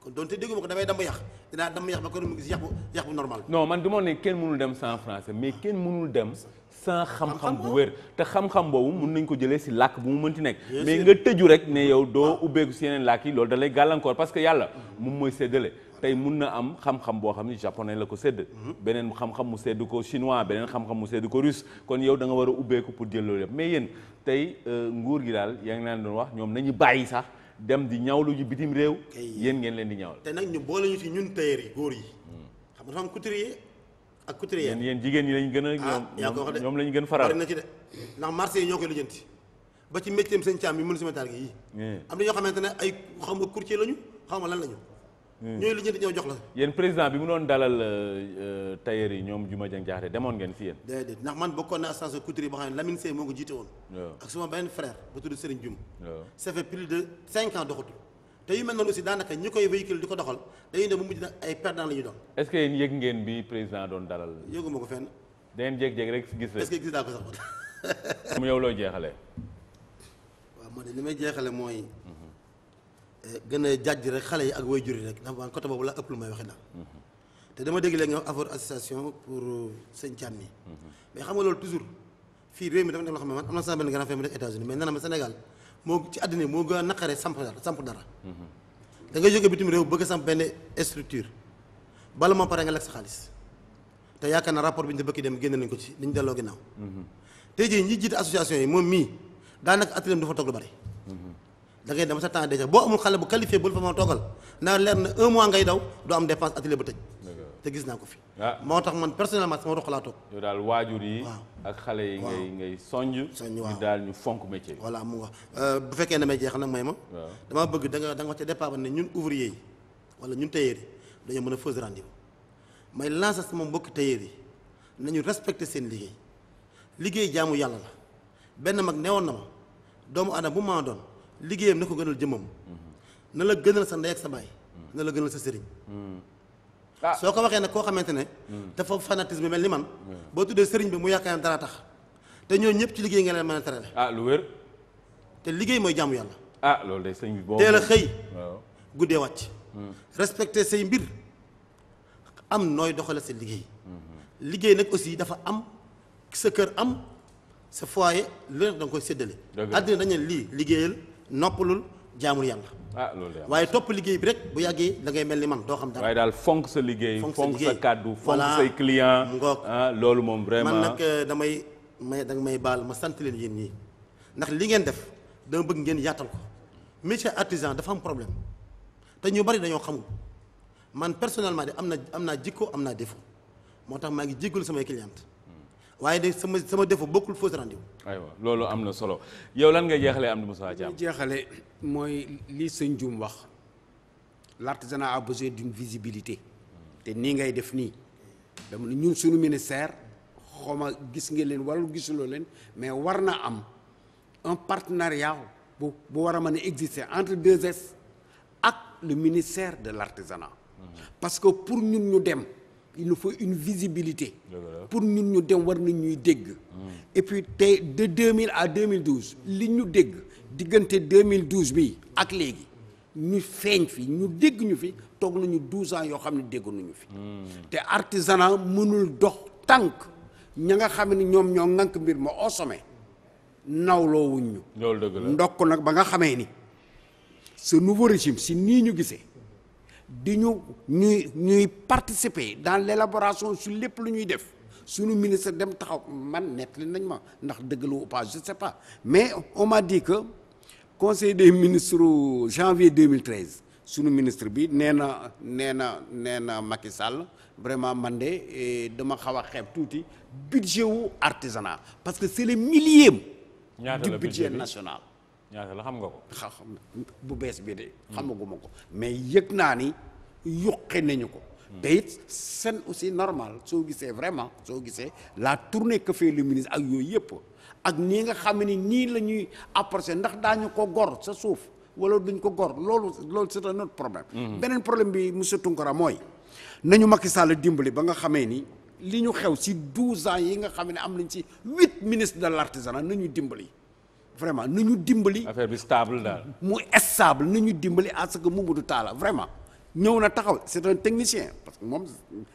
kon doonte ma ko damay damb yàq dinaa damb yàq ba ko mu gis yàq bu man du ma ne kenn mënul dem sans français mais kenn mënul dem sans xam-xam bu wér te xam-xam boobu mun nañ ko jëlee si làkk bu mu mënti nekk mais nga tëju rek ne yow doo ubbeeku si yeneen làkk yi loolu da gàllankoor parce que yàlla moom mooy séddale tey mun na am xam-xam boo xam ni japonais la ko sedd beneen xam-xam mu sédd ko chinois beneen xam-xam mu sédd ko russe kon yow danga war a ubbeeku pour jël loolu yëpp mais yéen tey euh, nguur gi daal yaa ngi naan doon wax ñoom nañu bàyyi sax dem di ñawlu ñu bitim réew yéen ngeen leen di ñawal te nag ñu boole ñu ci ñun tailleur yi yi xam nga dafa am couturier yéen jigéen ñi lañ gën a ah, ñoom ñoom lañ gën faral na ci de ndax marché yi ñoo koy lijjanti ba ci métier seen càmm yi mën si métal gi yi eh. am na ñoo xamante ne ay xam nga courtier lañu xam ma lan lañu Hmm. ñooy li jënd ñoo jox la. yéen président bi mu doon dalal euh, tailleur ñoom Juma Dieng Diakhaté demoon ngeen si yéen. déedéet ndax man bokkoon naa station couture yi ba xam ne Lamine Seye moo ko jiite woon. ak suma benn frère ba tudd Serigne Dioum. waaw ça fait de cinq ans doxatul. te yu mel noonu aussi daanaka ñi koy véhicule di ko doxal dañuy dem bu mujj nag ay perdant la doon. est-ce que yéen yëg ngeen bi président doon dalal. yëguma ko fenn. da ngeen jeeg jékki rek gis rek. est-ce que gis naa ko sax. may jeexale mooy gën a jàjj rek xale yi ak way juri rek ndax man côté boobu laa ëpp lu may waxee daal. Mhm. te dama dégg léegi nga avoir association pour sëñ Thiam yi. mais xam nga loolu toujours fii réew mi dafa nekk loo xam ne man am na sama benn grand moo ci àddina a naqaree samp dara samp dara. Mhm. da ngay jógee bitim réew bëgg a samp benn structure bala moo pare nga lekk sa xaalis te yaakaar na rapport bi ñu bëgg dem génne nañ ko ci li ñu delloo ginnaaw. Mhm. tey jii ñi jiite association yi moom mii daanaka atelier dafa toog lu bari. dangay ngay dem sa temps déjà boo amul xale bu qualifié bul fa ma toogal ndax leer na un mois ngay daw doo am dépense atelier ba tëj. te gis naa ko fi. Ah. moo tax man personnellement sama roq laa toog. yow daal waajur yi. ak xale yi ngay ngay soññ. soññ waaw daal ñu fonk métier. voilà mu wax euh, bu fekkee na may jeex nag mooy ma. dama bëgg da nga da wax ca départ ñun ouvrier yi wala ñun tailleur yi dañoo mën a fausse rendez may lancer sama mbokk tailleur yi nañu respecter seen liggéey liggéey jaamu yàlla benn mag newoon na doomu aadama bu ma liggéeyam na ko gënal jëmmam na la gënal sa ndey ak sa baay na la gënal sa sëriñ ah. soo ko waxee ne koo xamante ne dafa fanatisme mel ni man hmm. boo tuddee sëriñ bi mu yaakaar ne dara tax te ñoo ñëpp ci liggéey nga leen mën a ah, te liggéey mooy jàmm yàlla ah loolu day bi boo teel a xëy guddee wàcc hmm. respecter say mbir am nooy doxale sa liggéey hmm. liggéey nag aussi dafa am sa kër am sa foyer lu nekk da koy séddale àddina dañu lii liggéeyal noppalul jaamul yàlla. ah loolu waaye topp liggéey bi rek bu yàggee da ngay mel ni man too xam dara. waaye daal fonk sa liggéey. fonk sa kàddu fonk say client ah, loolu moom vraiment. man nag euh, damay may danga may baal ma sant leen yéen ñii ndax li ngeen def dama bëgg ngeen yaatal ko métier artisan dafa am problème te ñu bari dañoo xamul man personnellement de am na am naa jikko am naa défaut moo tax maa ngi jéggalu samay client waaye de sama sama défaut bokkul fausse rendez-vous. aywa loolu am na solo yow lan nga jeexalee am na Moussa Thiam. li jeexale mooy lii sëñ Dioum wax l'artisanat a du d'une visibilité te nii ngay def nii dama ne ñun suñu ministère xawma gis nga leen wala gisuloo leen mais war na am un partenariat bu bu war a mën ne exister entre 2S ak le ministère de l'artisanat. Hmm. parce que pour ñun ñu dem. il nous faut une visibilité pour ñun ñu dem war nañ ñuy dégg mm. et puis tey de 2000 à 2012 li ñu dégg diggante 2012 bi ak léegi ñu feeñ fi ñu dégg ñu fi toog nañu 12 ans yoo xam ne dégg nañu fi mm. te artisanat mënul dox tànk ña nga xam ni ñoom ñoo ŋànk mbir ma au sommet nawloowuñ ñu ndokk nag ba nga xamee ni ce nouveau régime si nii ñu gisee di ñu ñuy ñuy participer dans l'élaboration su lépp lu ñuy def suñu ministre dem taxaw man nettali nañ ma ndax dëgg la ou pas je sais pas mais on m'a dit que conseil des ministres janvier 2013 suñu ministre bi nee na nee na nee na Macky Sall vraiment man de eh, dama xaw a xeeb tuuti budget wu artisanat parce que c'est le millième du budget national ñaata la xam nga ko. bu bees bii de. xamaguma ko mais yëg naa ni yuqi nañu ko. te it seen aussi normal soo gisee vraiment soo gisee la tournée que fait le ministre ak yooyu yëpp ak nii nga xam ni nii la ñuy approché ndax daañu ko gor sa suuf wala duñ ko gor loolu loolu c'est un autre problème. Mhm. beneen problème bi monsieur Tunkara mooy nañu Macky Sall dimbali ba nga xamee ni. li ñu xew si douze ans yi nga xam ne am nañ ci huit ministres de l'artisanat nañu dimbali. vraiment na ñu dimbali. affaire bi stable daal. mu stable na ñu dimbali à ce que Mamadou Talla vraiment ñëw na taxaw c' est un technicien parce que moom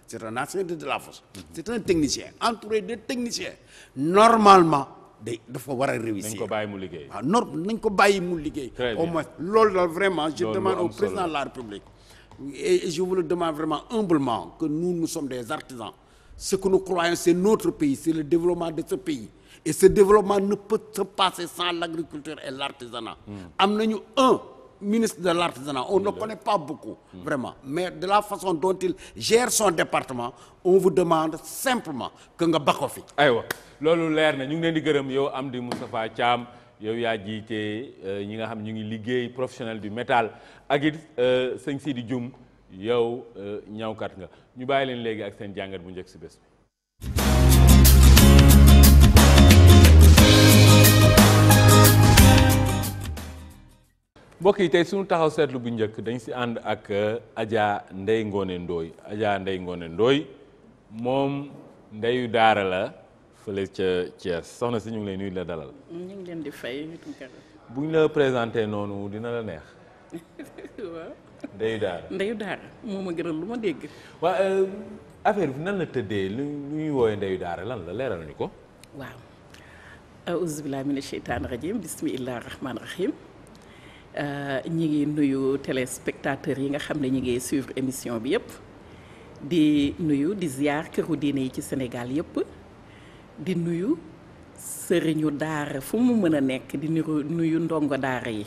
c' est un ancien de la c' est un technicien entouré de techniciens normalement. day dafa war a réussir nañ ko bàyyi mu liggéey. waaw ah, nor nañ ko bàyyi mu liggéey. au moins lool daal vraiment. je demande au président la République. et je vous demande vraiment humblement que nous nous sommes des artisans. ce que nous croyons c' notre pays c' le développement de ce pays. et ce développement ne peut se passer sans l'agriculture et l'artisanat am mmh. nañu un ministre de l'artisanat on ne le connaît pas beaucoup vraiment mais de la façon dont il gère son département on vous demande simplement que nga ba ko fi aywa loolu leer na ñu ngi leen di gërëm yow am Amdy Moustapha Thiam yow yaa jiite euh, ñi nga xam ñu ngi liggéey professionnel du métal ak it euh, sëñ di Dioum yow euh, ñawkat nga ñu bàyyi leen léegi ak seen jàngat bu njëkk si bés bi mbokk yi tey suñu taxaw seetlu bu njëkk dañu si ànd ak uh, Adja ndey Ngone ndooy Adja ndey Ngone ndooy moom ndeyu daara la fële ca Thiès soxna si ñu ngi lay la dalal. ñu fay. bu ñu la présenté noonu dina la neex. (laughs) waaw. ndeyu daara ndeyu daara gënal lu ma dégg. waaw uh, affaire bi nan la tëddee lu ñuy woowee ndeyu daara lan la leeral nañu ko. waaw. auzu billaahi mina sheytaani rajiim bismillaahi rahmaani rahiim. Euh, ñi ngi nuyu téléspectateurs yi nga xam ne ñi ngi suivre émission bi yëpp di nuyu di ziar këru diine yi ci Sénégal yëpp di nuyu sëriñu daara fu mu mën a nekk di nuyu ndongo daara yi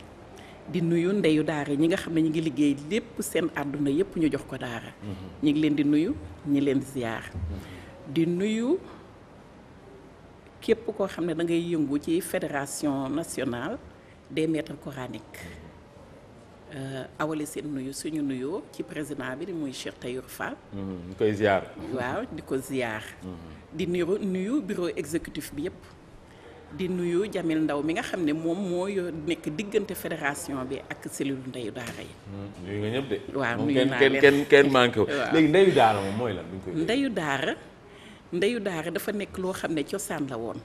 di nuyu ndeyu daara ñi nga xam ne ñu ngi liggéey lépp seen àdduna yëpp ñu jox ko daara mm-hmm. ñu ngi leen di nuyu ñi leen ziar mm-hmm. di nuyu képp koo xam ne da ngay yëngu ci fédération nationale des maîtres coraniques Euh, awale seen nuyu suñu nuyoo ci président bi di muy Cheikh Tayour Fall. ñu mm-hmm. koy ziar. waaw di ko ziar. Mm-hmm. di niru nuyu bureau exécutif bi yëpp. di nuyu Jamil Ndaw mi nga xam ne moom moo nekk diggante fédération bi ak cellule ndayu daara yi. Mm-hmm. nuyu nga ñëpp de. waaw nuyu naa leen kenn daara moom mooy lan. ndeyu daara ndeyu daara dafa nekk loo xam ne cosaan la woon.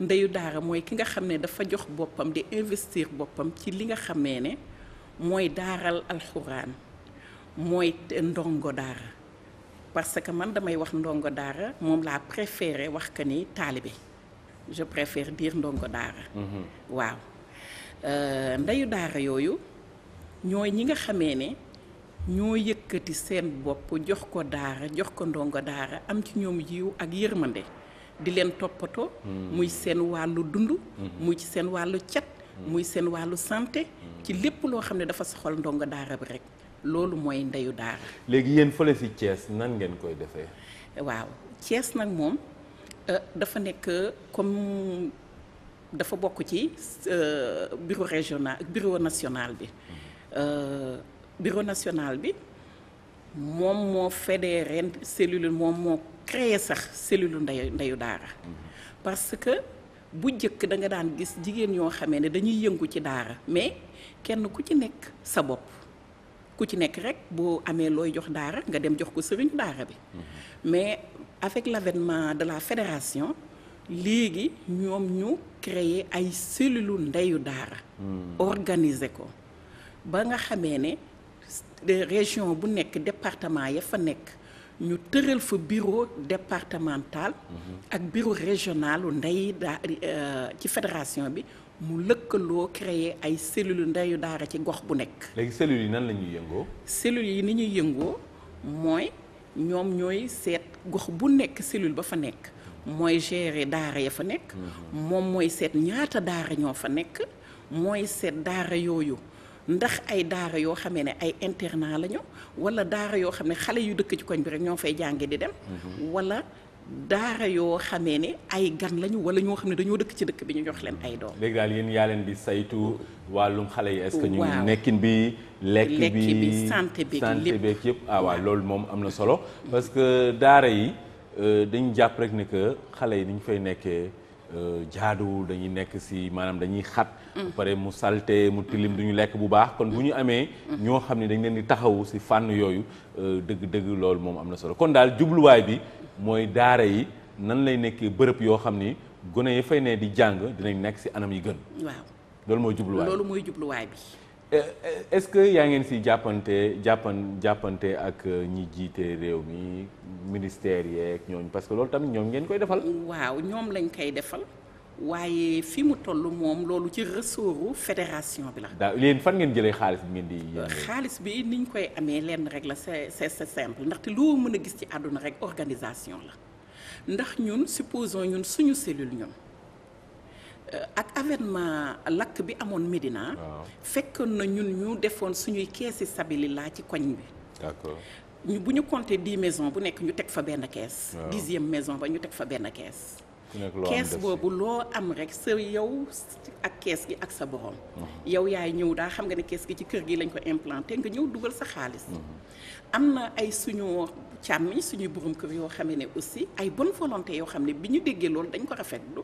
ndeyu daara mooy ki nga xam ne dafa jox boppam di investir boppam ci li nga xamee ne. mooy daaral alxuraan mooy ndongo daara parce que man damay wax ndongo daara moom laa préféré wax que ni taalibe je préfère dire ndongo daara. Mhm. waaw euh, ndeyu daara yooyu ñooy ñi nga xamee ne ñoo yëkkati seen bopp jox ko daara jox ko ndongo daara am ci ñoom yiw ak yërmande di leen toppatoo. Mhm. muy seen wàllu dund. Mhm. muy ci seen wàllu cet. muy seen wàllu santé. ci lépp loo xam ne dafa soxal ndongo daara bi rek loolu mooy ndeyu daara. léegi yéen fële si Thiès nan ngeen koy defee. waaw Thiès nag moom euh, dafa nekk comme dafa bokk ci euh, bureau régional bureau nationale bi mhm. euh, bureau national bi moom moo fédéré cellule moom moo créé sax cellule ndeyu ndeyu daara mhm. parce que. bu njëkk da nga daan gis jigéen yoo xamee ne dañuy yëngu ci daara mais kenn ku ci nekk sa bopp ku ci nekk rek boo amee looy jox daara nga dem jox ko sëriñu daara bi mhm. mais avec l'avènement de la fédération léegi ñoom ñu créer ay cellule ndeyu daara hmm. organiser ko ba nga xamee ne région bu nekk département ya fa nekk ñu tëral fa bureau départemental. Mm-hmm. ak bureau régional ndey daa euh, ci fédération bi mu lëkkaloo créer ay cellules ndeyu daara ci gox bu nekk. léegi cellules yi nan la ñuy yëngoo. cellules yi ni ñuy yëngoo mooy ñoom ñooy seet gox bu nekk cellule ba fa nekk mooy gérer daara ya fa nekk. Mm-hmm. moom mooy seet ñaata daara ñoo fa nekk mooy seet daara yooyu. ndax ay daara yoo xamee ne ay internat lañu wala daara yoo xam ne xale yu dëkk ci koñ bi rek ñoo fay jànge di dem. Mhm. walla daara yoo xamee ne ay gan lañu wala ñoo xam ne dañoo dëkk ci dëkk bi ñu jox leen ay doom. léegi daal yéen yaa leen di saytu wàllum xale yi. est-ce que ñu ngi nekkin bi. lekk bi santé beeg santé beeg yëpp ah waaw loolu moom am na solo. Mm-hmm. parce que daara yi euh, dañu jàpp rek ne xale yi dañu fay nekkee. Euh, jaaduwul dañuy nekk si maanaam dañuy xat. Mm. pare mu salte mu tilim duñu lekk bu baax kon bu ñu amee. Mm. ñoo xam ne dañ leen di taxawu si fànn yooyu euh, dëgg-dëgg loolu moom am na solo kon daal jubluwaay bi mooy daara yi nan lay nekkee bërëb yoo xam ni gone yi fay ne di jàng dinañ nekk si anam yi gën. waaw loolu mooy jubluwaay loolu mooy jubluwaay bi. Euh, est-ce que yaa ngeen si jàppante jàppan jàppante ak euh, ñi jiite réew mi ministère yeeg ñooñu parce que loolu tamit ñoom ngeen koy defal. waaw ñoom lañ koy defal. waaye fi mu toll moom loolu ci ressortu fédération bi la. daa fan ngeen jëlee xaalis bi ngeen di. xaalis bi ni ñu koy amee lenn rek la c'est c'est simple ndaxte loo mën a gis ci àdduna rek organisation la ndax ñun supposons ñun suñu cellule ñun. Euh, ak avènement lakk bi amoon Médina fekkoon na ñun ñu defoon suñuy keesi sabili laa ci koñ bi d'accord ñu bu ñu compter dix maisons bu nekk ñu teg fa benn kees dixième maison ba ñu teg fa benn kees kees boobu loo am rek sa yow ak kees gi ak sa borom mhm. yow yaay ñëw daa xam nga ne kees gi ci kër gi lañ ko implanté nga ñëw dugal sa xaalis mhm. am na ay suñu càmmi suñuy borom kër yoo xamee ne aussi ay bonne volonté yoo xam ne bi ñu déggee loolu dañ ko rafetlu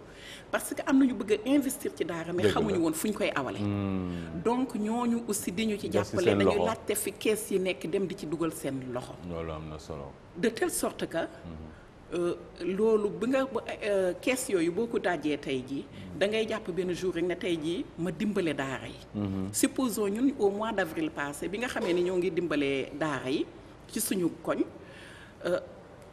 parce que am na ñu bëgg investir ci daara mais xamuñu woon fu ñu koy awale hmm. donc ñooñu aussi di ñu ci jàppale dañu laajte fi kees yi nekk dem di ci dugal seen loxo loolu na solo de telle sorte que hmm. euh, loolu bi nga euh, kees yooyu boo ko dajee tey jii hmm. da ngay jàpp benn jour rek ne tey jii ma dimbale daara yi. supposons ñun au mois d' avril passé bi nga xamee ni ñoo ngi dimbale daara yi ci suñu koñ. Euh,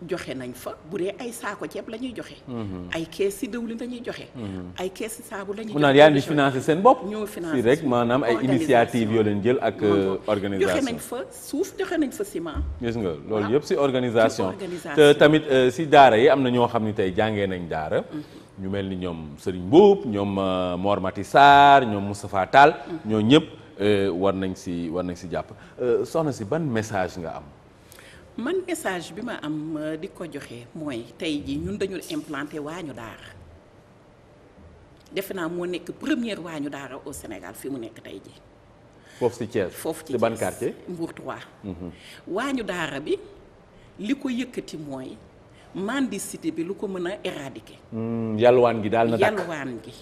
joxe nañ fa bu ay saako ceeb la ñuy joxe. Mhm. ay kees si dëwlin la ñuy joxe. Mhm. ay kees si saabu la joxe. mu naan yaa ngi financé seen bopp. ñoo financé si rek maanaam ay initiative yoo leen jël ak. Euh, organisation joxe nañ fa suuf joxe nañ fa ciment. gis nga loolu yëpp si organisation. te tamit si euh, daara yi am na ñoo xam ni tey jàngee nañ daara. Mhm. ñu mel ni ñoom Serigne Mboup ñoom Mor Mati ñoom Moustapha Tall. ñoo ñëpp war nañ si war nañ si jàpp soxna si ban message nga am. man message bi ma am euh, di ko joxe mooy tey jii ñun dañu implanté waañu daara defe naa moo nekk première waañu daara au Sénégal fi mu nekk tey jii. foofu ci Thiès foofu ci Thiès ban quartier mhm. waañu daara bi li ko yëkkati mooy mendicité bi lu ko mën a éradiquer. Mm, yalwaan gi daal na dàkk yalwaan gi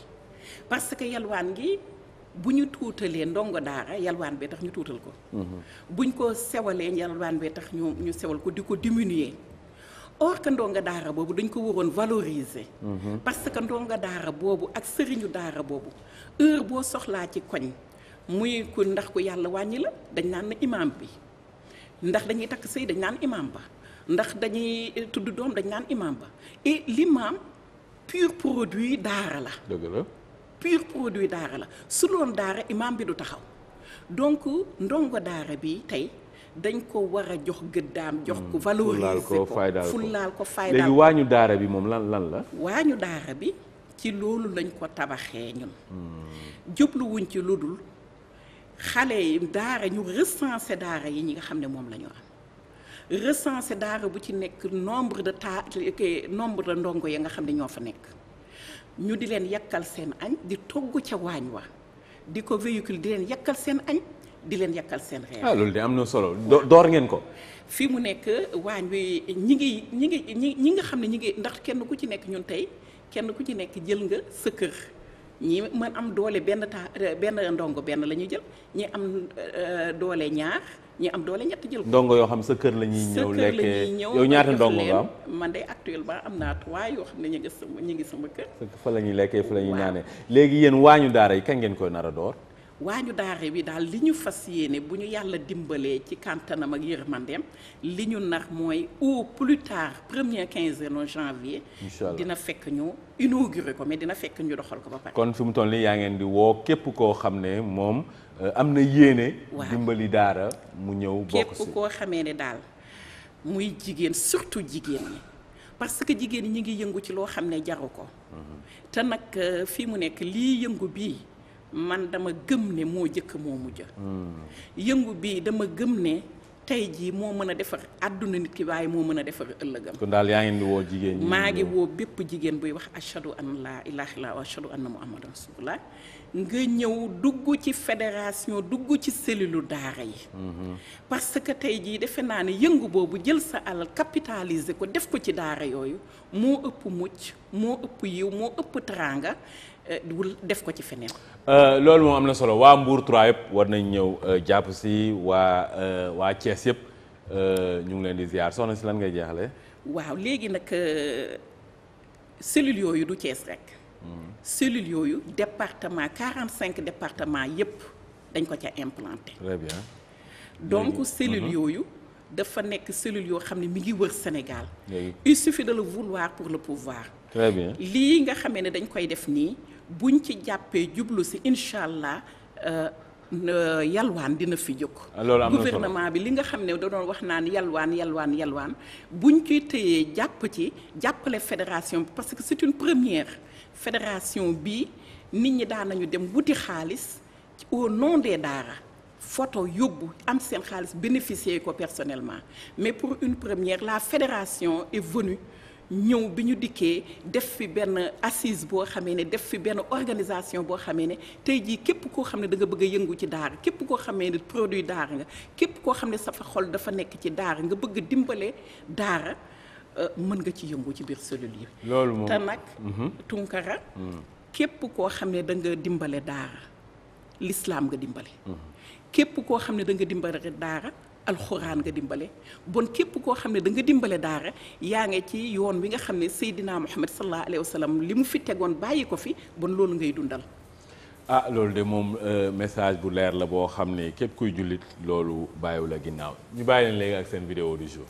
parce que yalwaan gi bu ñu tuutalee ndongo daara yalwaan bee tax ñu tuutal ko. Mm-hmm. bu ñu ko sewalee yalwaan bee tax ñu ñu sewal ko di ko diminuer. or que ndongo daara boobu dañ ko waroon valoriser. Mm-hmm. parce que ndongo daara boobu ak sëriñu daara boobu heure boo soxlaa ci koñ muy ku ndax ku yàlla wàññi la dañ naan na imaam bi ndax dañuy takk sëy dañ naan imaam ba ndax dañuy eh, tudd doom dañ naan imaam ba et l'imaam pur produit daara la. pur produit daara la su loon daara imaam bi du taxaw donc ndongo daara bi tey dañ ko war a jox gëddaam jox ko hmm, valoriser ko fullaal ko faydaal léegi waañu daara bi moom lan lan la waañu daara bi ci loolu lañ ko tabaxee ñun hmm. jubluwuñ ci lu dul xale yi daara ñu recensé daara yi ñi nga xam ne moom la ñu am recensé daara bu ci nekk nombre de ta nombre de ndongo ya nga xam ne ñoo fa nekk ñu di leen yakkal seen añ di togg ca waañ wa di ko véhicule di leen yàkkal seen añ di leen yàkkal seen reer. Ah, loolu de am na solo door ngeen ko. fii mu nekk waañ wi ñi ngi ñi ngi ñi ñi nga xam ne ñi ngi ndax kenn ku ci nekk ñun tey kenn ku ci nekk jël nga sa kër ñi mën am doole benn taa benn ndongo benn la jël ñi am euh, doole ñaar. ñi am doole ñett jël ko. ndongo yoo xam sa kër la ñuy ñëw lekkee yow ñaata ndongo nga am man de actuellement am naa trois yoo xam ne ñu ngi sama ñu ngi sama kër. fa la ñuy lekkee fa la ñuy naanee léegi yéen waañu daara yi kañ ngeen koy nar a door. waañu daare bi daal li ñu fas yéene bu ñu yàlla dimbalee ci kàntanam ak yërmandeem li ñu nar mooy au plus tard premier quinzaine janvier dina fekk ñu inauguré ko mais dina fekk ñu doxal ko ba pare kon fi mu toll nii yaa ngeen di woo képp koo xam ne moom Euh, am na yéene. dimbali daara mu ñëw bokk si képp koo xamee ne daal muy jigéen surtout jigéen ñi parce que jigéen ñi ngi yëngu ci loo xam ne jaru ko. Mhm. te nag euh, fi mu nekk lii yëngu bi man dama gëm ne moo jëkk moo mujj. Mhm. yëngu bii dama gëm ne. tey jii moo mën a defar àdduna nit ki waaye moo mën a defar ëllëgam. kon daal yaa ngi woo jigéen ñi maa ngi woo bépp jigéen buy wax ashadu an laa ilaaha illallaah wa ashadu anna muhammadan rasulullah nga ñëw dugg ci fédération dugg ci cellule daara yi. Mhm. parce que tey jii defe naa ne yëngu boobu jël sa alal capitaliser ko def ko ci daara yooyu moo ëpp mucc moo ëpp yiw moo ëpp teraanga Euh, wul def ko ci feneen. Euh, loolu moom am na solo waa Mbour trois yëpp war nañ ñëw euh, jàpp si waa waa Thiès yëpp ñu ngi leen di ziar soxna si lan ngay jeexale waaw léegi nag cellules yooyu du Thiès rek. Hmm. cellules yooyu département cinq département yëpp dañ ko ca implanté. donc cellules uh-huh. yooyu. dafa nekk cellule yoo xam ne mi ngi wër Sénégal. il suffit de le vouloir pour le pouvoir. très bien nga xamee ne dañ koy def nii. buñ ci jàppee jublu si incha allah euh, yalwaan dina fi jóg ah, gouvernement bi li nga xam ne da doon wax naan yalwaan yalwaan bu buñ ci téyee jàpp ci jàppale fédération bi parce que c'est une première fédération bi nit ñi daan nañu dem wuti xaalis au nom des daara photo yóbbu am seen xaalis bénéficier ko personnellement mais pour une première la fédération et venue ñëw bi ñu dikkee def fi benn assise boo xamee ne def fi benn organisation boo xamee ne tey jii képp koo xam ne da nga bëgg yëngu ci daara képp koo xamee ne produit daara nga képp koo xam ne sa fa xol dafa nekk ci daara nga bëgg dimbale daara euh, mën nga ci yëngu ci biir cellule yi. te nag. Mhm. Tunkara. Mhm. képp koo xam ne da nga dimbale daara l'islam nga dimbale. Mhm. koo xam ne da nga dimbale daara. alxuraan nga dimbale bon képp koo xam ne da nga dimbale daara yaa ngi ci yoon wi nga xam ne Seydina Muhammad sallallahu alayhi wa sallam li mu fi tegoon bàyyi ko fi bon loolu ngay dundal. ah loolu de moom euh, message bu leer la boo xam ne képp kuy jullit loolu bàyyiwu la ginnaaw ñu bàyyi leen léegi ak seen vidéo du jour.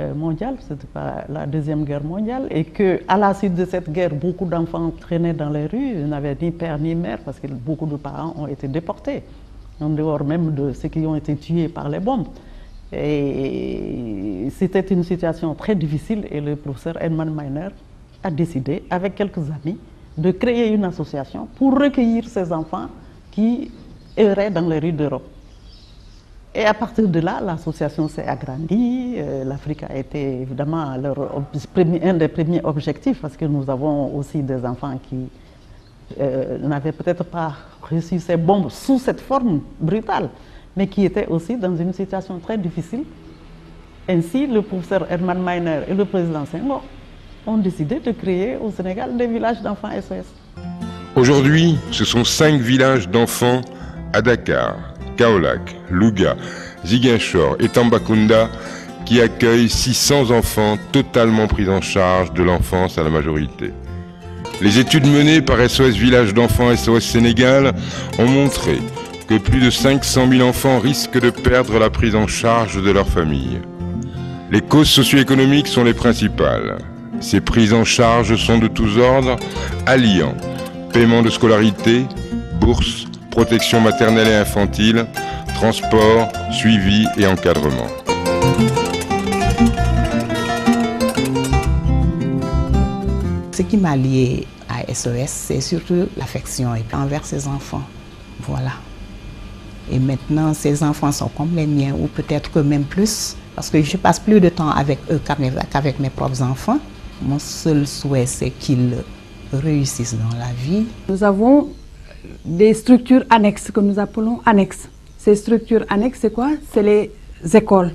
Euh, mondiale, c'était pas la deuxième guerre mondiale, et que à la suite de cette guerre, beaucoup d'enfants traînaient dans les rues, ils n'avaient ni père ni mère parce que beaucoup de parents ont été déportés, en dehors même de ceux qui ont été tués par les bombes. Et c'était une situation très difficile et le professeur Edmund Miner a décidé, avec quelques amis, de créer une association pour recueillir ces enfants qui erraient dans les rues d'Europe. Et à partir de là, l'association s'est agrandie. Euh, L'Afrique a été évidemment leur un des premiers objectifs parce que nous avons aussi des enfants qui euh, n'avaient peut-être pas reçu ces bombes sous cette forme brutale, mais qui étaient aussi dans une situation très difficile. Ainsi, le professeur Herman Meiner et le président Senghor ont décidé de créer au Sénégal des villages d'enfants SOS. Aujourd'hui, ce sont cinq villages d'enfants à Dakar. Kaolac, Louga, Ziguinchor et Tambacounda qui accueille 600 enfants totalement pris en charge de l'enfance à la majorité. Les études menées par SOS Village d'enfants SOS Sénégal ont montré que plus de enfants risquent de perdre la prise en charge de leur famille. Les causes socio-économiques sont les principales. Ces prises en charge sont de tous ordres, alliant paiement de scolarité, bourse, protection maternelle et infantile, transport, suivi et encadrement. Ce qui m'a lié à SOS, c'est surtout l'affection envers ses enfants. Voilà. Et maintenant, ces enfants sont comme les miens, ou peut-être que plus, parce que je passe plus de temps avec eux qu'avec mes propres enfants. Mon seul souhait, c'est qu'ils réussissent dans la vie. Nous avons des structures annexes que nous appelons annexes. Ces structures annexes, c'est quoi C'est les écoles.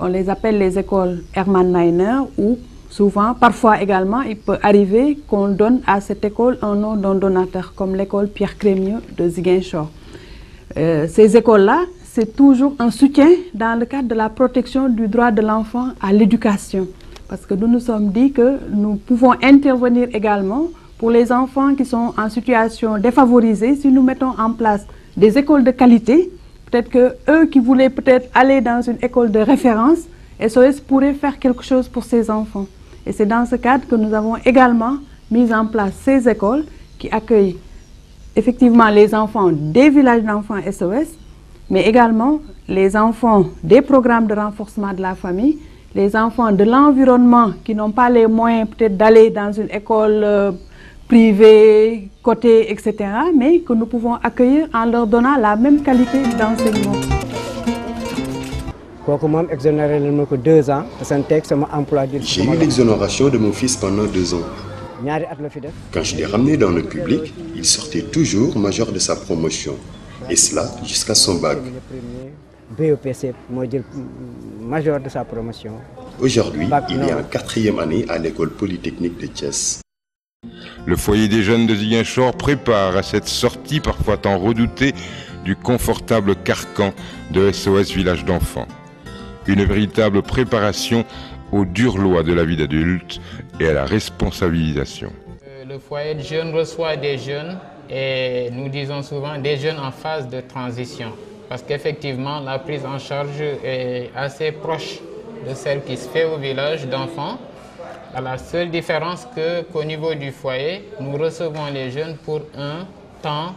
On les appelle les écoles Hermann Neiner ou souvent, parfois également, il peut arriver qu'on donne à cette école un nom d'un donateur, comme l'école Pierre Crémieux de Ziguinchor. Euh, ces écoles-là, c'est toujours un soutien dans le cadre de la protection du droit de l'enfant à l'éducation. Parce que nous nous sommes dit que nous pouvons intervenir également pour les enfants qui sont en situation défavorisée, si nous mettons en place des écoles de qualité, peut-être que eux qui voulaient peut-être aller dans une école de référence, SOS pourrait faire quelque chose pour ces enfants. Et c'est dans ce cadre que nous avons également mis en place ces écoles qui accueillent effectivement les enfants des villages d'enfants SOS, mais également les enfants des programmes de renforcement de la famille, les enfants de l'environnement qui n'ont pas les moyens peut-être d'aller dans une école euh, privés, cotés, etc., mais que nous pouvons accueillir en leur donnant la même qualité d'enseignement. J'ai eu l'exonération de mon fils pendant deux ans. Quand je l'ai ramené dans le public, il sortait toujours major de sa promotion, et cela jusqu'à son bac. E Aujourd'hui, il est en quatrième année à l'école polytechnique de Thiès. Le foyer des jeunes de Ziguinchor prépare à cette sortie parfois tant redoutée du confortable carcan de SOS Village d'enfants. Une véritable préparation aux dures lois de la vie d'adulte et à la responsabilisation. Euh, le foyer jeunes reçoit des jeunes et nous disons souvent des jeunes en phase de transition parce qu'effectivement la prise en charge est assez proche de celle qui se fait au village d'enfants À la seule différence que qu'au niveau du foyer, nous recevons les jeunes pour un temps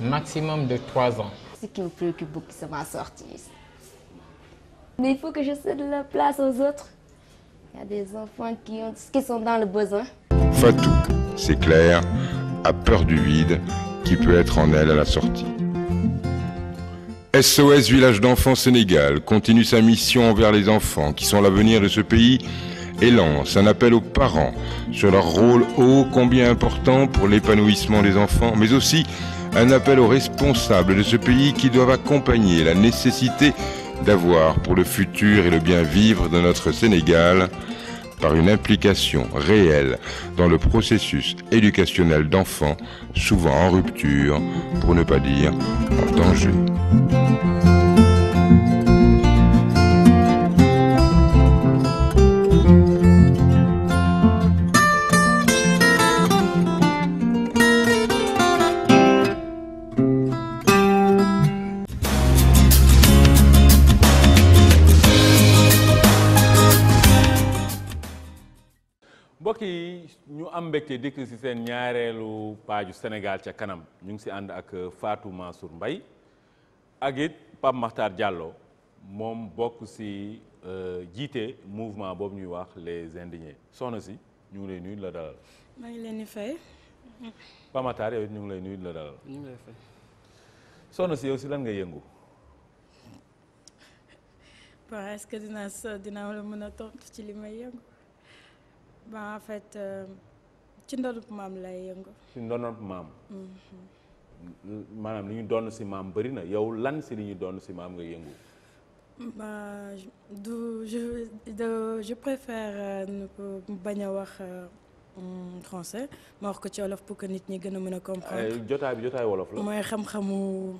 maximum de trois ans. Ce qui me préoccupe beaucoup, c'est ma sortie. Mais il faut que je cède la place aux autres. Il y a des enfants qui, ont, qui sont dans le besoin. Fatou, c'est clair, a peur du vide qui peut être en elle à la sortie. SOS Village d'enfants Sénégal continue sa mission envers les enfants qui sont l'avenir de ce pays et lance un appel aux parents sur leur rôle ô combien important pour l'épanouissement des enfants, mais aussi un appel aux responsables de ce pays qui doivent accompagner la nécessité d'avoir pour le futur et le bien-vivre de notre Sénégal par une implication réelle dans le processus éducationnel d'enfants, souvent en rupture, pour ne pas dire en danger. mbokk ñu am mbégte dikk si seen ñaareelu paaju Sénégal ca kanam ñu ngi si ànd ak euh, Fatou Mansour Mbaye ak it Pape Makhtar moom bokk si euh, jiite mouvement boobu ñuy wax les indignés soxna si ñu ngi lay nuyu la dalal. maa ngi leen di fay. Pape ñu ngi lay nuyu la dalal. ñu ngi lay fay. soxna si yow si lan nga yëngu. bon est-ce que dinaa la mën a tontu ci li may yëngu. ba en fait euh, ci ndonop maam lay yëngu. ci ndonop maam. Mhm. maanaam li ñu doon si maam bari na yow lan si li ñu doon si maam nga yëngu. ba du je préfère euh, bañ a wax euh, français ma wax ko ci wolof pour que nit ñi gën a mën a comprendre. Eh, jotaay bi jotaay wolof la. mooy xam-xamu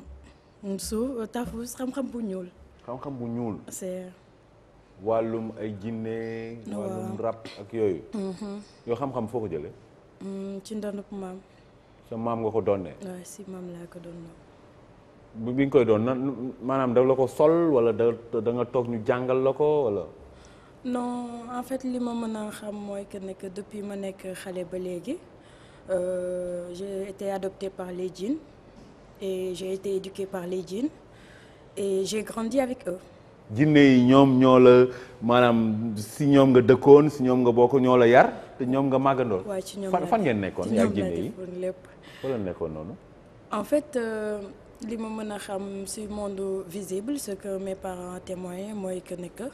suuf taafus xam-xam bu ñuul. xam-xam bu ñuul. wàllum ay jinne wàllum rab ak yooyu mm-hmm. yoo xam-xam foo ko jëlee mm, ci ndonop maam sa maam nga ko doonee waaw si maam laa ko doon bi nga koy doon nan maanaam da la ko sol wala da nga toog ñu jàngal la ko wala. non en fait li ma mën a xam mooy que ne que depuis ma nekk xale ba léegi euh, j'ai été adoptée par les et j'ai été éduquée par les et j'ai grandi avec eux. jinne yi ñoom ñoo la maanaam si ñoom nga dëkkoon si ñoom nga boo ko ñoo la yar te ñoom nga màggandoon. fan fan ngeen nekkoon ak jinne yi wala nekkoon noonu. en fait euh, li ma mën a xam si monde visible ce que mes parents témoignent mooy que ne que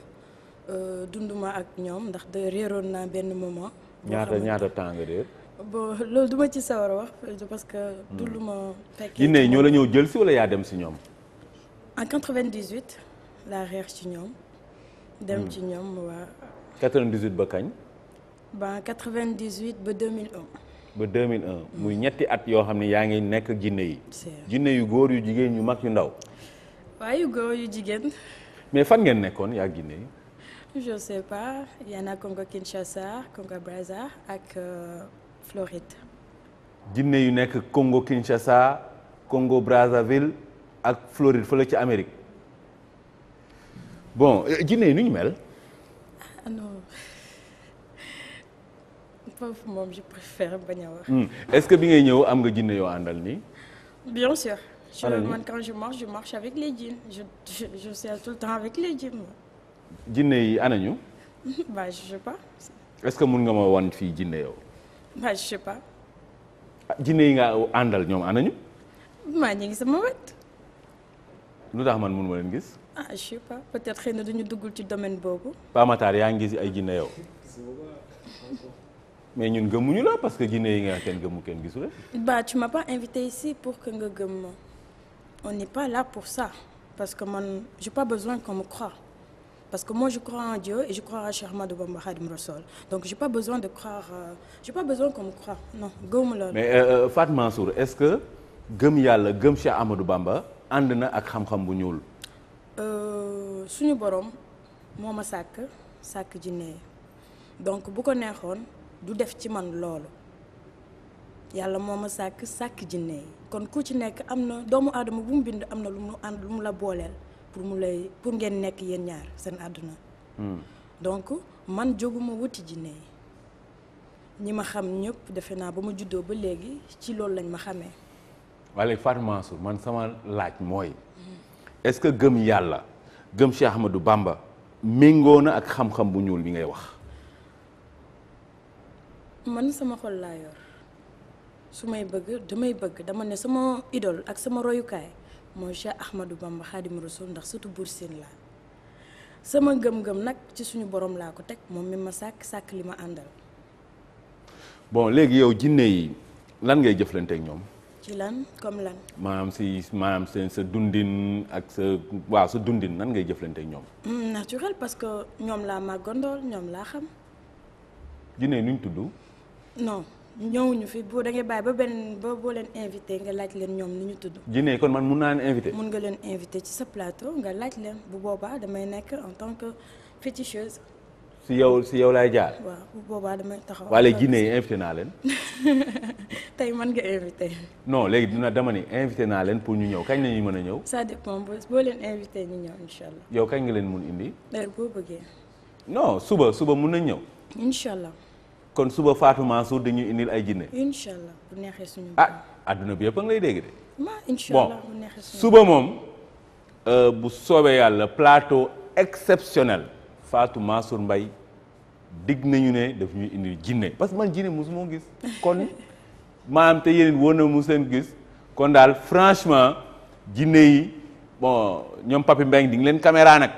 euh, dunduma ak ñoom ndax de réeroon naa benn moment. ñaata ñaata temps nga réer. bon loolu duma ci sawar a wax parce que. Hmm. du ma fekkee jinne yi ñoo la ñëw jël si yaa dem si ñoom. en laa reer ci ñoom. dem ci ñoom waa. 98 ba kañ. ba 98 ba 2001. ba 2001 muy ñetti at yoo xam ne yaa ngi nekk jinne yi. jinne yu góor yu jigéen yu mag yu ndaw. waaye yu góor yu jigéen. mais fan ngeen nekkoon yaa jinne yi. je sais pas y en a Congo Kinshasa Congo Brazza ak euh, Floride. jinne yu nekk Congo Kinshasa Congo ak Floride fële ci Amérique. bon euh, jinne yi nu ñu mel. ah non foofu moom je préfère bañ a hmm. est-ce que bi ngay ñëw am nga jinne yoo àndal nii. bien sûr. je ah man quand je marche je marche avec les djinns je je je suis tout le temps avec les djinns. jinne yi ana ñu. (laughs) bah je est-ce que mun nga ma wan fii jinne yow. bah je sais pas. Ah, yi nga àndal ñoom ana ñu. maa ñu sama wet. lu tax man mun ma leen gis. ah je sais peut-être xëy na dañu duggul ci domaine boobu. Paa Matar yaa ngi gis ay jinne yow mais ñun gëmuñu la parce que jinne yi nga kenn mu kenn gisu la. bah tu m'as pas invité ici pour que nga gëm ma on n'est pas là pour ça parce que man je pas besoin qu'on me parce que moi je crois en Dieu et je crois à Cheikh Ahmadou Bamba Khadim Rassoul donc j'ai pas besoin de croire euh, j'ai pas besoin qu'on me croie non gëmuma la. mais euh, euh Fat est-ce que gëm yàlla gëm Cheikh Ahmadou Bamba ànd na ak xam bu ñuul. Euh, suñu boroom moo ma sàkk sàkk jinne yi donc bu ko neexoon du def ci man loolu yàlla moo ma sàkk sàkk jinne yi kon ku ci nekk am na doomu aadama bu mu bind am na lu mu ànd lu mu la booleel pour mu lay pour ngeen nekk yéen ñaar seen àdduna hmm. donc man jóguma wuti jinne yi ñi ma xam ñëpp defe naa ba ma juddoo ba léegi ci loolu lañ ma xamee. wala Fatou Mansour man sama laaj mooy. est-ce que gëm yàlla gëm Cheikh Ahmadou Bamba méngoo na ak xam-xam bu ñuul bi ngay wax. man sama xol laa yor su may bëgg damay bëgg dama ne sama idole ak sama royukaay mooy Cheikh Ahmadou Bamba Xaadimu Rasuul ndax surtout buur Siin laa sama gëm-gëm nag ci suñu borom laa ko teg moom mi ma sàkk sàkk li ma àndal. bon léegi yow jinne yi lan ngay jëflante ak ñoom. ci lan comme lan. maanaam si maanaam seen sa dundin ak sa waaw sa dundin nan ngay jëflante ak ñoom. Hmm, naturel parce que ñoom laa màggandool ñoom laa xam. jinne ñu tudd. ñëw ñu fi boo da ngay bàyyi ba benn ba boo leen invité nga laaj leen ñoom ni ñu tudd. jinne kon man mun naa leen invité. mun nga leen invité ci sa plateau nga laaj leen bu boobaa damay nekk en tant que féticheuse. si yow si yow laay jaar. waaw bu boobaa damay taxaw. wala jinne yi invité naa leen. (laughs) tey man nga invité. no léegi dina dama ni invité naa leen pour ñu ñëw kañ la mën a ñëw. sa dépend boo leen invité ñu ñëw incha allah. yow kañ ngi leen mun indi. boo bëggee. non suba suba mun nañ ñëw. incha allah. kon suba faatu Mansour di indil ay jinne. incha allah bu neexee suñu. ah adduna bi yëpp a ngi lay dégg de. ma suba moom. Euh, bu soobee yàlla plateau exceptionnel Fatou Mansour mbay digg nañu ne daf ñu indi jinne parce que man jinne moo gis kon (laughs) maanaam te yeneen woon na mu seen gis kon daal franchement jinne yi bon ñoom Papi Mbeng di ngi leen caméra nag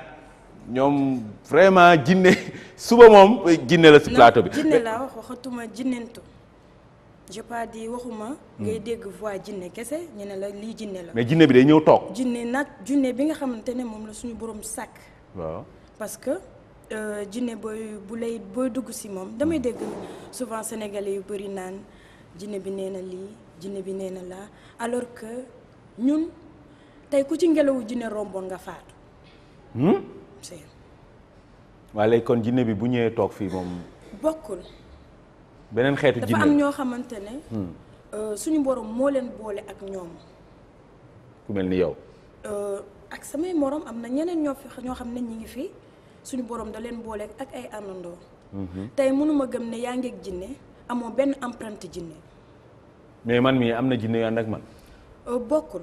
ñoom vraiment jinne (laughs) suba moom jinne la si plateau bi. jinne laa wax waxatuma jinnentu je pas di waxuma. Hmm. ngay dégg voix jinne kese ñu ne la lii jinne la. mais jinne bi day ñëw toog. jinne nag jinne bi nga xamante ne moom la suñu borom sàkk. waaw Euh, jinne booy bu lay booy dugg si moom damay dégg souvent sénégalais yu bëri naan jinne bi nee na lii jinne bi nee na laa alors que ñun tey ku ci ngelawu jinne romboon nga faatu. Hmm? waaye léegi kon jinne bi bu ñëwee toog fii moom. bokkul. beneen xeetu jinne dafa am ñoo xamante ne. Hmm. Euh, suñu borom moo leen boole ak ñoom. ku mel ni yow. Euh, ak samay morom am na ñeneen ñoo fi ñoo xam ne ñi ngi fii suñu borom da leen booleek ak ay àndandoo. Mhm. tey mënuma gëm ne yaa ngi ak jinne amoo benn empreinte jinne mais man mii am na jinne yu ak man. Euh, bokkul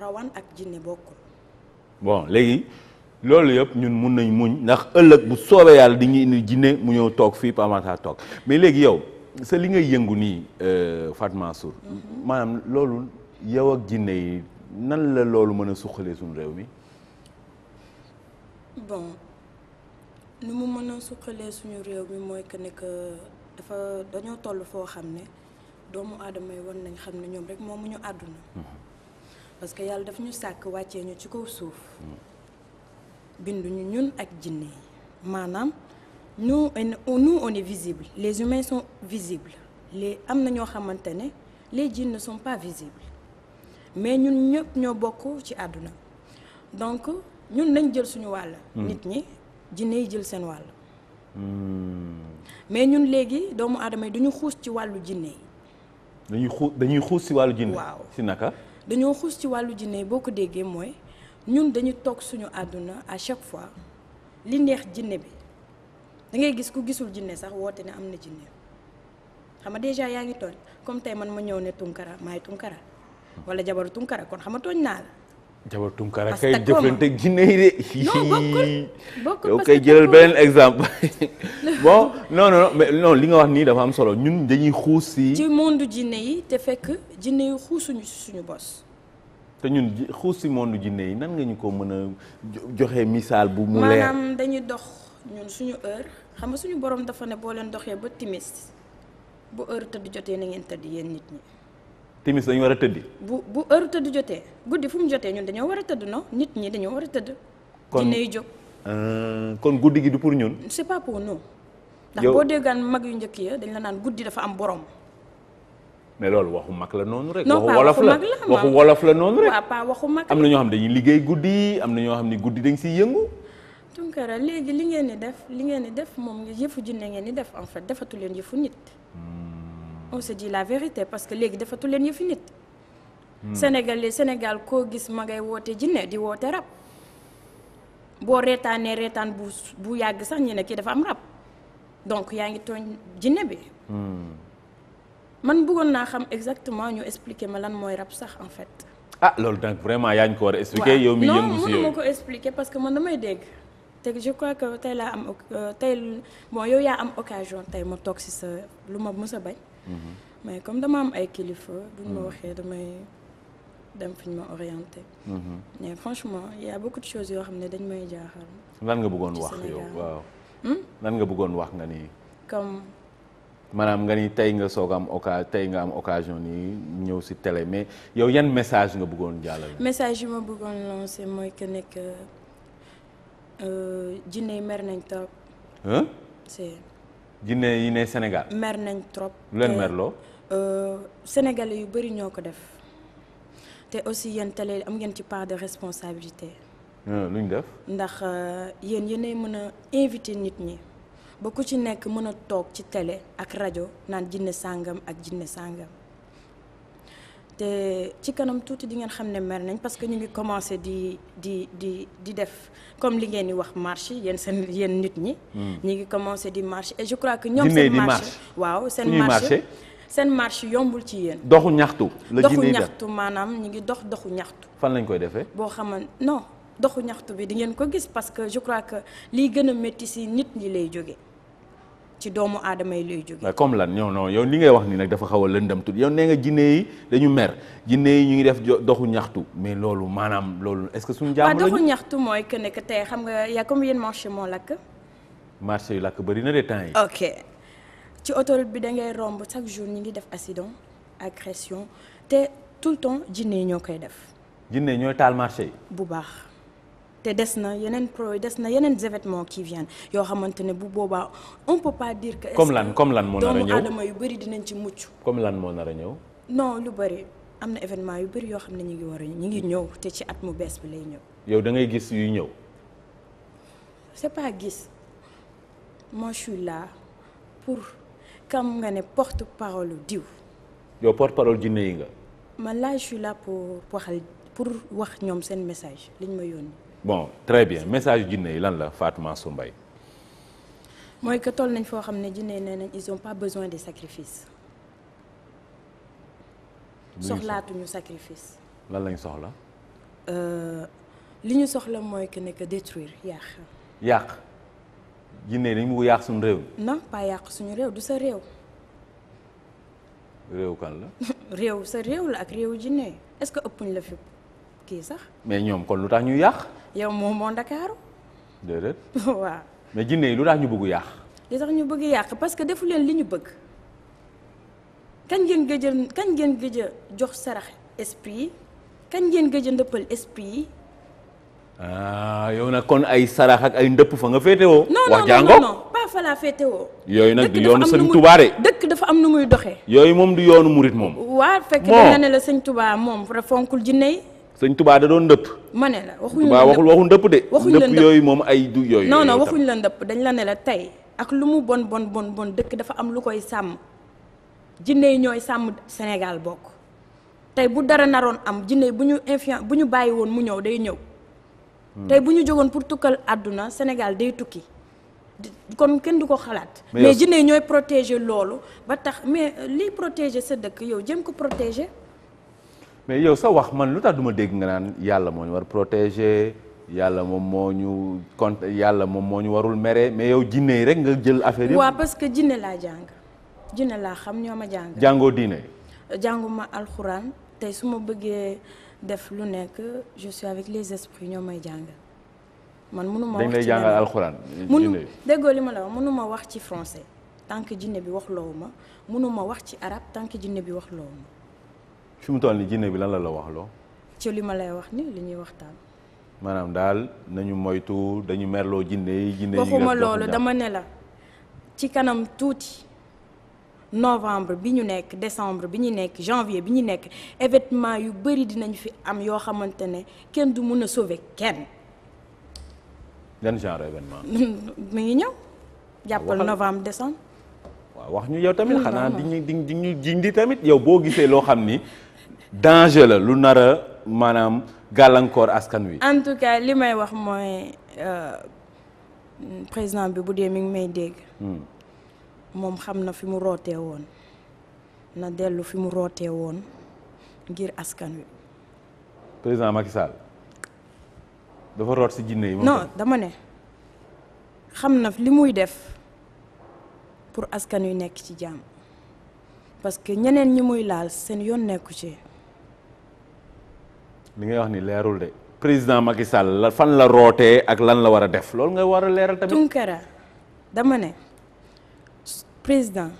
rawan ak jinne bokkul. bon léegi loolu yëpp ñun mun nañ muñ ndax ëllëg bu soobee yàlla di ñu indi jinne mu ñëw toog fii Pamata toog mais léegi yow sa li ngay yëngu nii euh, Fatou Mansour mhm. maanaam loolu yow ak jinne yi nan la loolu mën a suqalee suñu réew mi. bon nu mu mën a suqalee suñu réew mi mooy que ne que dafa dañoo toll foo xam ne doomu aadama yi war nañ xam ne ñoom rek moomu ñu àdduna mm-hmm. parce que yàlla daf ñu sàkk wàccee ñu ci kaw suuf mm-hmm. binduñu ñun ak jinne yi maanaam nous nous on est visible les humains sont visibles les am na ñoo xamante ne les djinns ne sont pas visibles mais ñun ñëpp ñoo bokk ci àdduna donc ñun nañ jël suñu wàll. Hmm. nit ñi jinne yi jël seen wàll. Hmm. mais ñun léegi doomu aadama yi duñu xuus ci wàllu jinne yi. dañuy xuus dañuy xuus ci wàllu jinne. waaw dañoo xuus ci wàllu jinne yi boo ko déggee mooy ñun dañu toog suñu àdduna à chaque fois li neex jinne bi dangay gis ku gisul jinne sax woote ne am na jinne xam nga déjà yaa ngi tooñ comme tey man ma ñëw ne Tunkara maay Tunkara wala jabaru Tunkara kon xam nga tooñ naa la. Jabar Tunkara kay jëflante ak jinne yi de. non bokkul bokkul yow kay jëlal beneen exemple. (laughs) bo non non li nga wax nii dafa am solo ñun dañuy xuus si. ci monde jinne yi te fekk jinne yi xuusuñu si suñu bos. te ñun xuus si monde jinne yi nan nga ñu ko mën a joxe misaal bu mu leer. maanaam dañuy dox ñun suñu heure xam nga suñu borom dafa ne boo leen doxee ba timis bu heure tëdd jot na ngeen tëdd yéen nit ñi. timis dañu war a tëddi. bu bu heure tëdd jotee guddi fu mu jotee ñun dañoo war a tëdd non nit ñi dañoo war a tëdd. kon dinay jóg. Euh, kon guddi gi du pour ñun. c'est pas pour nous. ndax boo déggaan mag yu njëkk ya dañ la naan guddi dafa am borom. mais loolu waxu mag la noonu rek. non wolof la waxu wolof la noonu rek. waaw pas waxu mag am na ñoo xam dañuy liggéey guddi am na ñoo xam ne guddi dañ siy yëngu. Tunkara euh, léegi li ngeen di def li ngeen di def moom yëfu jinne ngeen di def en fait defatu leen yëfu nit. Hmm. on se dit la vérité parce que léegi dafatu leen yëfi nit. Hmm. Sénégalais Sénégal koo gis ma ngay woote jinne di woote rab. boo reetaanee reetaan bu bu yàgg sax ñu ne kii dafa am rab donc yaa ngi tooñ jinne bi. Hmm. man buggoon naa xam exactement ñu expliquer ma lan mooy rab sax en fait. ah loolu nag vraiment yaa ñu ko war a expliquer. yow mi yëngu si yow non ko expliquer parce que man damay dégg. te je crois que tey laa am euh, tey bon yow yaa am occasion tey ma toog si lu ma mës a bañ. mais comme dama am ay kilifa. buñ ma mhm. waxee damay dem fiñ ñu ma orienté. Mhm. mais franchement il beaucoup de choses yoo xam ne dañ may jaaxal. lan nga bëggoon wax yow waaw. Hmm? lan nga bëggoon wax nga ni. comme. maanaam nga ni tey nga soog am oca tey nga am occasion ni ñëw si télé mais yow yan message nga bëggoon jàllale. message yi ma bëggoon lancé mooy que nekk euh, jinne yi mer nañ trop. c'est jinne yi ne Sénégal. mer nañ trop. lu leen merloo. Euh, Sénégalais yu bëri ñoo ko def te aussi yéen télé am ngeen ci part de responsabilité. Euh, luñ def. ndax euh, yéen yéenay mën a invité nit ñi ba ku ci nekk mën a toog ci télé ak rajo naan jinne sàngam ak jinne sàngam. te ci kanam tuuti di ngeen xam ne mer nañ parce que ñu ngi commencé di di di di def comme li ngeen di wax marche yéen seen yéen nit ñi. Hmm. ñu ngi commencé di marche et je crois que ñoom seen marche waaw seen marche seen marche yombul ci yéen. doxu ñaxtu la doxu ñaxtu maanaam ñu ngi dox doxu ñaxtu. fan lañ koy defee. boo xamante non doxu ñaxtu bi di ngeen ko gis parce que je crois que liy gën a métti si nit ñi lay jóge ci doomu aadama yi lay jóge comme lan ñoo non yow li ngay wax nii nag dafa xaw a lëndam tuuti yow nee nga jinne yi dañu mer jinne yi ñu ngi def doxu ñaxtu mais loolu maanaam loolu est-ce que suñu jàmm la ñaxtu mooy que ne que tey xam nga y a combien marché moo lakk marché yu lakk bëri na de temps yi ok ci autoroute bi da ngay romb chaque jour ñi ngi def accident agression te tout le temps jinne yi ñoo koy def jinne ñooy taal marché yi bu baax te des na yeneen pro des na yeneen événement qui viennent yoo xamante ne bu boobaa on peut pas dire que. comme lan comme lan moo nar a ñëw doomu aadama yu bëri dinañ ci mucc. comme lan moo nar a ñëw. non lu bëri am na événement yu bëri yoo xam ne ñu ngi war a ñu ngi ñëw te ci at mu bees bi lay ñëw. yow da ngay gis yuy ñëw. c'est pas gis moi je suis pour kam nga ne porte parole diw. yow porte parole jinne yi nga. man là je suis pour waxal pour wax ñoom seen message liñ ma yónni. bon très bien message jinne yi lan la Fatou su Mbaye mooy que toll nañ foo xam ne jinne nee nañ ils ont pas besoin de sacrifice soxlaatuñu sacrifice lan lañ soxla euh, li ñu soxla mooy que ne que détruire yàq yàq jinne dañu bëgg yàq suñu réew non pas yàq suñu réew du sa réew réew kan la (laughs) réew sa réew la ak réew jinne est-ce que ëppuñ la fi kii sax. mais ñoom kon lu tax ñu yàq. yow moom moo Ndakaaru. déedéet. (laughs) waaw mais jinne yi lu tax ñu bëgg yàq. li tax ñu bëgg yàq parce que defu leen li ñu bëgg kañ ngeen gëj kañ ngeen gëj jox sarax esprit yi kañ ngeen gëj a ndëppal esprit yi. ah yow nag kon ay sarax ak ay ndëpp fa nga féetewoo. wax jàngo non yooyu nag du yoonu sëñ Touba dëkk dafa am nu muy doxee. yooyu moom du yoonu murit moom. waa fekk da nga ne la moom fonkul jinne yi suñ tubaa da doon ndëpp. ma ne la waxuñu la waxul waxu de. waxuñ la ndëpp moom ay du yooyu. non waxuñ la dañ la ne la tey ak lu mu bon bon bon bon dëkk dafa am lu koy sàmm jinne yi ñooy sàmm Sénégal bokk tey bu dara naroon am jinne yi bu ñu influence bu ñu bàyyi woon mu ñëw day ñëw. Hmm. tey bu ñu jógoon pour tukkal àdduna Sénégal day tukki. kon kenn du ko xalaat. mais jinne yi ñooy protéger loolu ba tax mais liy protéger sa dëkk yow jëm ko protéger. mais yow sa wax man lu tax duma dégg nga naan yàlla moo ñu war protéger yàlla moom moo ñu compte yàlla moom moo ñu warul mere mais yow jinne yi rek nga jël affaire yi. waaw parce que jinne laa jàng jinne laa xam ñoo ma jàng. jàngoo diine. jànguma alxuraan tey su ma bëggee def lu nekk je suis avec les esprits ñoo may jàng man mënu ma. wax ci mënu ma wax mënu ma wax ci français tant que jinne bi wax loowu ma mënu wax ci arab tant que jinne bi wax loowu ma. fi mu toll nii jinne bi lan la la wax loo. ci li ma lay wax ni li ñuy waxtaan. maanaam daal nañu moytu dañu merloo jinne yi jinne yi waxuma la ci kanam tuuti novembre bi ñu nekk décembre bi ñu nekk janvier bi ñu nekk événement yu bëri dinañ fi am yoo xamante ne kenn du mun a sauver kenn. yan genre événement. (laughs) mi ngi ñëw. jàppal novembre décembre. waaw wax ñu yow tamit xanaa di ñu di tamit yow boo gisee loo xam ni. danger la lu nar a maanaam gàllankoor askan wi. en tout cas li may wax mooy euh, président bi bu dee mi ngi may dégg. Hmm. moom xam na fi mu rootee woon na dellu fi mu rootee woon ngir askan wi. président Macky Sall dafa root si jinne yi. non dama ne xam na li muy def pour askan wi nekk ci jàmm parce que ñeneen ñi muy laal seen yoon nekku ci. li ngay wax ni leerul de président Macky Sall la fan la rootee ak lan la war a def loolu nga war a leeral tamit. Tunkara dama ne président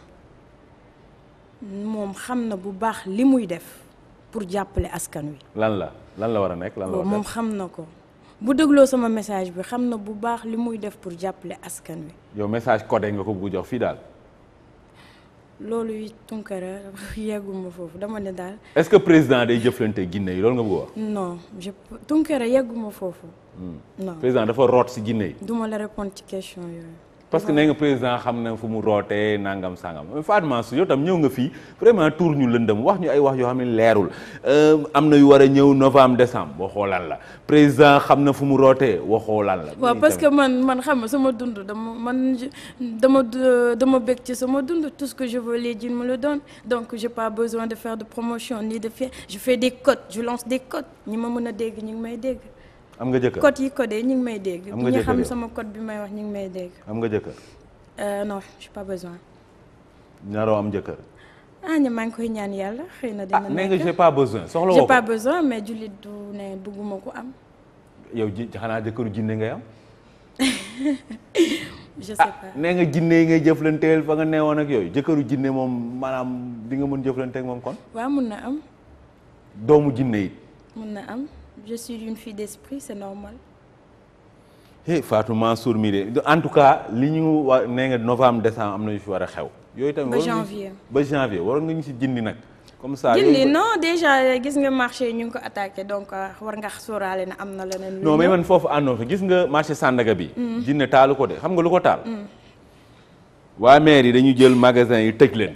moom xam na bu baax li muy def pour jàppale askan wi. lan la lan la war a nekk lan la war a moom xam na ko. bu dégloo sama message bi xam na bu baax li muy def pour jàppale askan wi. yow message codé nga ko bu jox fii daal. loolu Tunkara (laughs) yegguma foofu dama ne daal. est-ce que président day jëflante Guinée yi loolu nga bëgg wax. non je Tunkara yegguma foofu. Hmm. non président dafa root si Guinée yi. duma la répondre ci question yooyu. parce que nee nga président xam na fu mu rootee nangam sangam Fatou su yow tam ñëw nga fii vraiment tour ñu lëndëm wax ñu ay wax yoo xam ne leerul euh, am na yu war a ñëw novembre décembre waxoo lan la président xam na fu mu rootee waxoo la. waaw parce que man man xam nga sama dund dama man dama dama bëgg ci sama dund tout ce que je veux les djinns me le donnent donc j'ai pas besoin de faire de promotion ni de faire je fais des cotes je lance des cotes ñi ma mën a dégg ñu ngi may dégg. am nga jëkkër code yi codé ñu ngi may dégg. am nga jëkkër ñi xam sama code bi may wax ñu ngi may dégg. am nga jëkkër. Euh, non j'ai am jëkkër. ah ñu maa ngi koy ñaan yàlla xëy na dina. ah nga j'ai soxla woo ko mais jullit du ne bëgguma ko am. yow ji xanaa jëkkëru jinne ngay am. (laughs) je sais ah, pas nee nga jinne yi ngay jëflanteel fa nga neewoon ak yooyu jëkkëru jinne moom maanaam di nga mën jëflante ak moom kon. waaw mun na am. doomu jinne yi. mun na am. je suis une fille d'esprit c'est normal. hey Fatou Mansour mi de en tout cas li ñu wa nee nga novembre décembre am na ñu fi war a xew. yooyu tamit ba janvier ba janvier waroon nga ñu si jindi nag. comme ça jëndi non déjà gis nga marché ñu ngi ko attaqué donc euh, war nga sóoraale na am na leneen. non mais man foofu àndoon fa gis nga marché Sandaga bi. Mm. jinne taalu ko de xam nga lu ko taal. Mm. waa maire yi dañu jël magasin yi tëj leen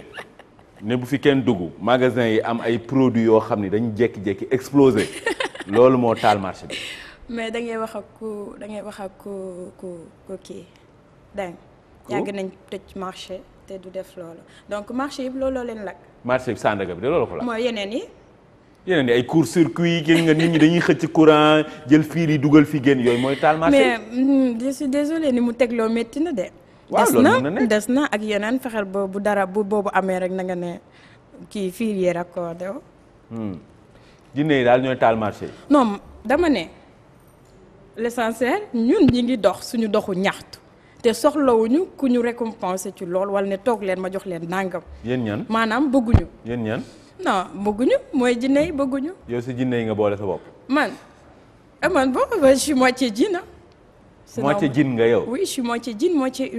ne bu fi kenn dugg magasin yi am ay produits yoo xam ni dañu jékki-jékki explosé (laughs) loolu moo taal marché bi. mais da ngay wax ak ku da ngay wax ak ku ku ku kii dégg yàgg nañ tëj marché te du def loolu donc marché yëpp looloo leen lakk. marché bi Sandaga bi de loolu ko lakk. mooy yeneen yi. yeneen yi ay court circuit yi génn nga nit ñi dañuy xëcc courant jël fiir yi dugal fi génn yooyu mooy taal marché mais hmm, je suis désolé ni mu tegloo métti na de. waaw loolu des na des na ak yeneen fexeel ba bu dara bu boobu amee rek na nga ne kii fii yi raccordé jinne yi daal ñooy taal marché yi. non dama ne l'essentiel ñun ñi ngi dox suñu doxu ñaxtu te soxlawuñu ku ñu récompenser ci lool wala ne toog leen ma jox leen nangam. yéen ñan maanaam bëgguñu. yéen ñan. non bëgguñu mooy jinne yi bëgguñu. yow si jinne yi nga boole sa bopp. man ah, man boo xam ne je suis moitié jinne. Ah. moitié jinne nga yow. oui je suis moitié jinne moitié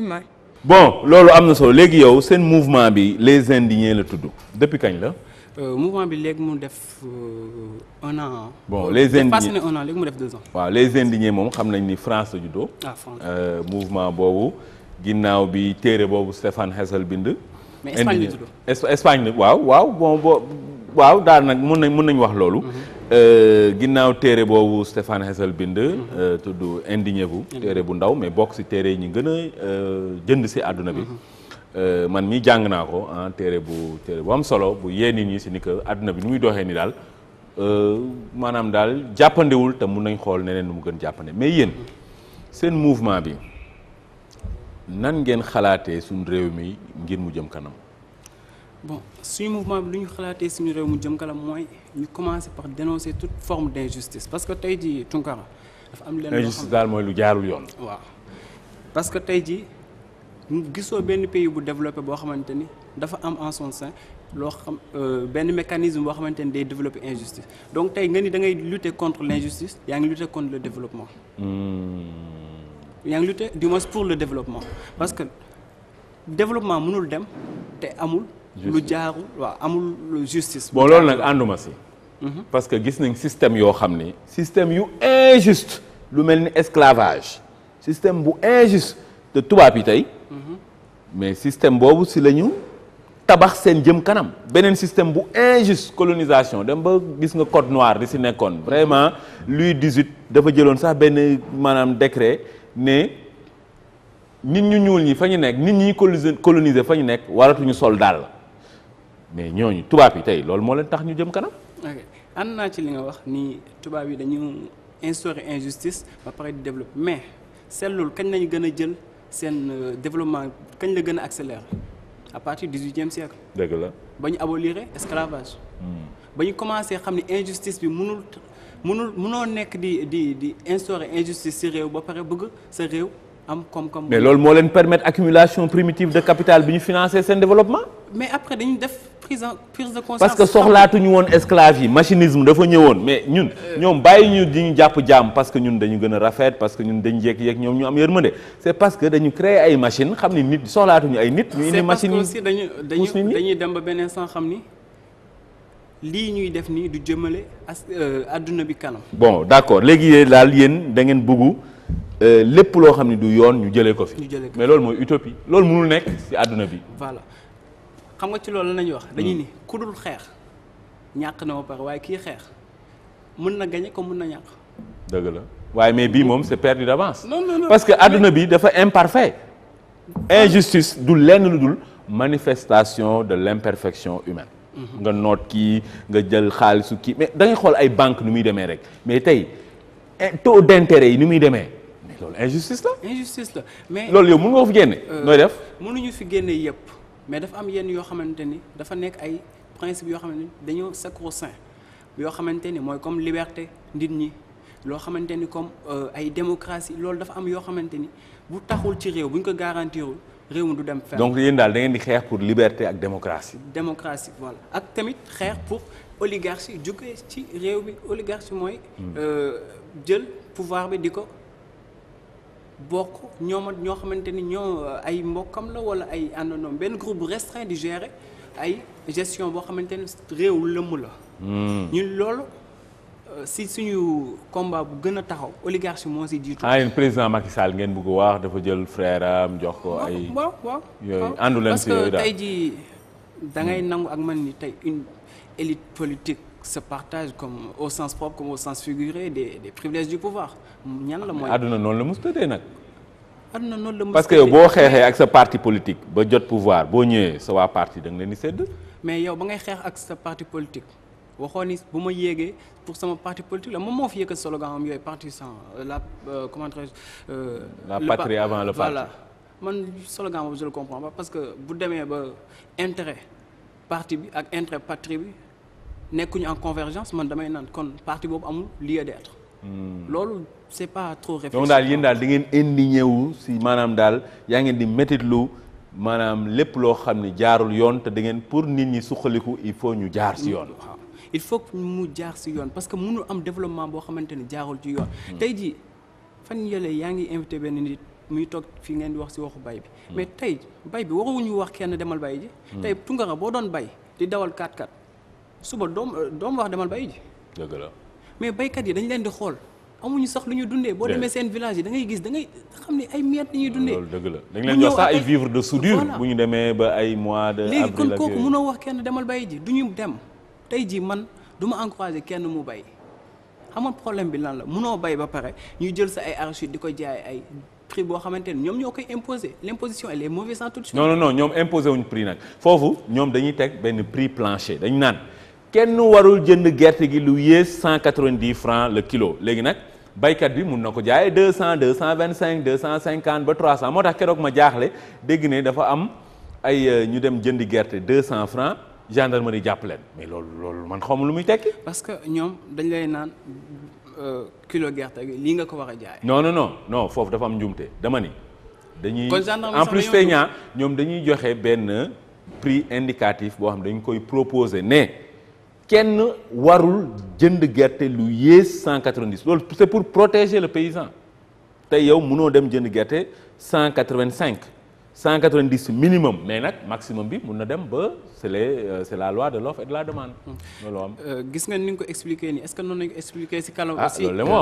bon loolu am na solo léegi yow seen mouvement bi les indignés la tudd depuis kañ la. Euh, mouvement bi léegi mu def euh, un an. bon euh, les indignés passé na un an léegi mu def deux ans. waaw les indignés moom xam nañ ni France la juddoo. ah France mouvement boobu ginnaaw bi téere boobu Stéphane Hessel bind. mais Espagne la waaw waaw bon bo waaw daal nag mun nañ mun nañ wax loolu. Mhm. ginnaaw téere boobu Stéphane Hessel bind. Mhm. tudd Indignez-vous téere bu ndaw mais bokk ci téere yi ñu gën a jënd ci àdduna bi. Mhm. Euh, man mi jàng naa ko ah téere bu téere bu am solo bu yee nit ñi si ni àdduna bi nu muy doxee ni daal euh, maanaam daal jàppandewul te mun nañ xool neneen nu mu gën jàppande mais yéen seen mouvement bi nan ngeen xalaatee suñu réew mi ngir mu jëm kanam. bon suñu mouvement bi lu xalaatee suñu réew mu jëm kanam mooy ñu commencer par dénoncer toute forme d'injustice parce que tey jii Tunkara dafa am lenn daal mooy lu jaarul yoon. waaw parce que tey jii. gisoo benn pays bu développé boo xamante ni dafa am en son sein loo xam euh, benn mécanisme boo xamante ni day développer injustice donc tey nga ni dangay ngay lutter contre l'injustice yaa ngi lutter contre le développement. Hmm. yaa ngi lutter du moins pour le développement parce que développement mënul dem te amul. lu jaaru waaw amul justice. boo loolu nag ànduma si. Mhm. parce que gis nañ système yoo xam ni. système yu injuste lu mel ni esclavage système bu injuste te tubaab yi tey. mais système boobu si lañu tabax seen jëm kanam beneen système bu injuste colonisation dem ba gis nga code noir di si nekkoon vraiment Louis XVIII dafa jëloon sax benn maanaam décret ne nit ñu ñuul ñi fa ñu nekk nit ñi coloniser fa ñu nekk waratuñu sol daal mais ñooñu tubaab yi tey loolu moo leen tax ñu jëm kanam. ok naa ci li nga wax nii tubaab yi dañu instaurer injustice ba pare di développer mais seetlul kañ lañu gën a jël. seen euh, développement kañ la gën a accéléré à partir du dix-huitième siècle. dëgg la ba ñu abolire esclavage. Hmm. ba ñu commencé xam ne injustice bi mënul mënul mënoo nekk di di di instaurer injustice ci réew ba pare bëgg sa réew am koom-koom. mais loolu moo leen permettre accumulation primitive de capital bi ñu financer seen développement. mais après dañu def prise prise de conscience. parce que soxlaatuñu woon esclave yi machinisme dafa ñëwoon mais ñun. ñoom bàyyi ñu di ñu jàpp jaam parce que ñun dañu gën a rafet parce que ñun dañu jékki-jékki ñoom ñu am yërmande c' est parce que dañu créer ay xam ni nit soxlaatuñu ay nit. ñu indi machine yi dañu dañu dañuy dem ba beneen sens xam ni. lii ñuy def nii du jëmale as euh, adduna bi kanam. bon d' accord léegi daal yéen da ngeen bugg euh, lépp loo xam ne du yoon ñu jëlee ko fi. mais loolu mooy utopie loolu mënul nekk ci àdduna bi. voilà xam nga ci loolu la ñuy wax. dañuy hmm. ni ku dul xeex ñàkk na ba pare waaye kii xeex mën na gañe ko mën na ñàkk. dëgg la waaye mais bii moom c'est perdu d'avance. non non non parce que adduna bi dafa imparfait. Ah. injustice du lenn lu dul manifestation de l'imperfection humaine. Mm-hmm. nga noot kii nga jël xaalisu kii mais da ngay xool ay banque ni muy demee rek mais tey eh, taux d'intérêt yi ni muy demee mais loolu injustice la. injustice la mais loolu yow mën nga ko fi génne. Euh, nooy def mënuñu fi génne yépp mais dafa am yenn yoo xamante ni dafa nekk ay principe yoo xamante ni dañoo sacro yoo xamante ni mooy comme liberté nit ñi loo xamante ni comme euh, ay démocratie loolu dafa am yoo xamante ni bu taxul ci réew bu ñu ko garantirul réew mi du dem fenn. donc yéen daal da di xeex pour liberté ak démocratie. démocratie voilà ak tamit xeex pour oligarchie jóge ci réew bi oligarchie mooy. Hmm. Euh, jël pouvoir bi di ko. bokk ñoo ma ñoo xamante ni ñoo euh, ay mbokkam la wala ay àndandoom benn groupe bu restreint di gérer ay gestion boo xamante ni réew lëmm la. Hmm. ñu loolu euh, si suñu combat bu gën a taxaw oligarchie moo si jiitu. ah yéen président Macky Sall ngeen bëgg wax dafa jël frère jox ko ay. waaw waaw si ngay hmm. nangu ak man ni tey une politique. se partage comme au sens propre comme au sens figuré des des privilèges du pouvoir ñan la mooy. àdduna noonu la mos tëddee nag. àdduna noonu la mos parce que boo xeexee ak sa parti politique ba jot pouvoir boo ñëwee sa parti da nga leen di mais yow ba ngay xeex ak sa parti politique waxoon ni bu ma yéegee pour sama parti politique la moom moo fi yëkkat slogan am yooyu parti sans euh, la euh, comment dirais euh, le parti man slogan boobu je parce que bu demee ba intérêt parti bi ak intérêt patrie bi. nekkuñu en convergence man damay naan kon parti boobu amul lieu d'être hmm. loolu c'est pas trop réflexion donc daal yéen daal di ngeen indigné wu si maanaam daal yaa ngeen di métitlu maanaam lépp loo xam ne jaarul yoon te da ngeen pour nit ñi suqaliku il faut ñu jaar si yoon. Hmm, il faut mu jaar si yoon parce que nu am développement boo xamante ni jaarul ci yoon. Hmm. tey jii fan yële yaa ngi invité benn nit muy toog fii ngeen di wax si waxu bay bi. mais tey bay bi waruñu wax kenn demal bay ji. tey Tounkara boo doon bay di dawal 4 suba doom euh, doom wax demal bay ji. dëgg la mais baykat yi dañ leen di xool amuñu sax lu ñu dundee. boo demee seen village yi da ngay gis da ngay xam ne ay miettes la ñuy dundee. loolu dëgg la dañ leen jox sax ay vivres de soudure. bu ñu demee ba ay mois de. avril léegi kon kooku wax kenn demal bay ji du ñu dem tey jii man du ma encouragé kenn mu bay xam nga problème bi lan la mënoo bay ba pare ñuy jël sa ay arachide di ko jaay ay. prix boo xamante ni ñoom ñoo koy imposer l'imposition elle est mauvaise en tout non non ñoom imposé wuñ prix nag ñoom dañuy teg benn prix plancher dañ naan kenn warul jënd gerte gi lu yées cent quatre-vingt-dix francs le kilo léegi nag baykat bi mun na ko jaayee deux cent deux cent vingt-cinq deux cent cinquante ba trois cent moo tax keroog ma jaaxle dégg ne dafa am ay euh, ñu dem jëndi gerte deux cent francs gendarmerie jàpp leen mais loolu loolu man xaw ma lu muy tekki. parce que ñoom dañ lay naan euh, kilo gerte gi lii nga ko war a jaay. non non non non foofu dafa am njuumte dama ni. dañuy en plus feeñaa ñoom dañuy joxe benn prix indicatif boo xam dañ koy proposer ne. kenn warul jënd gerte lu yées cent quatre-vingt-dix loolu c'est pour protéger le paysan tey yow mënoo dem jënd gerte cent quatre-vingt-cinq 190 minimum mais nag maximum bi mun na dem ba c' est les euh, c' est la loi de l' offre et de la demande. loolu am euh, gis nga ni nga ko expliqué nii est est noonu la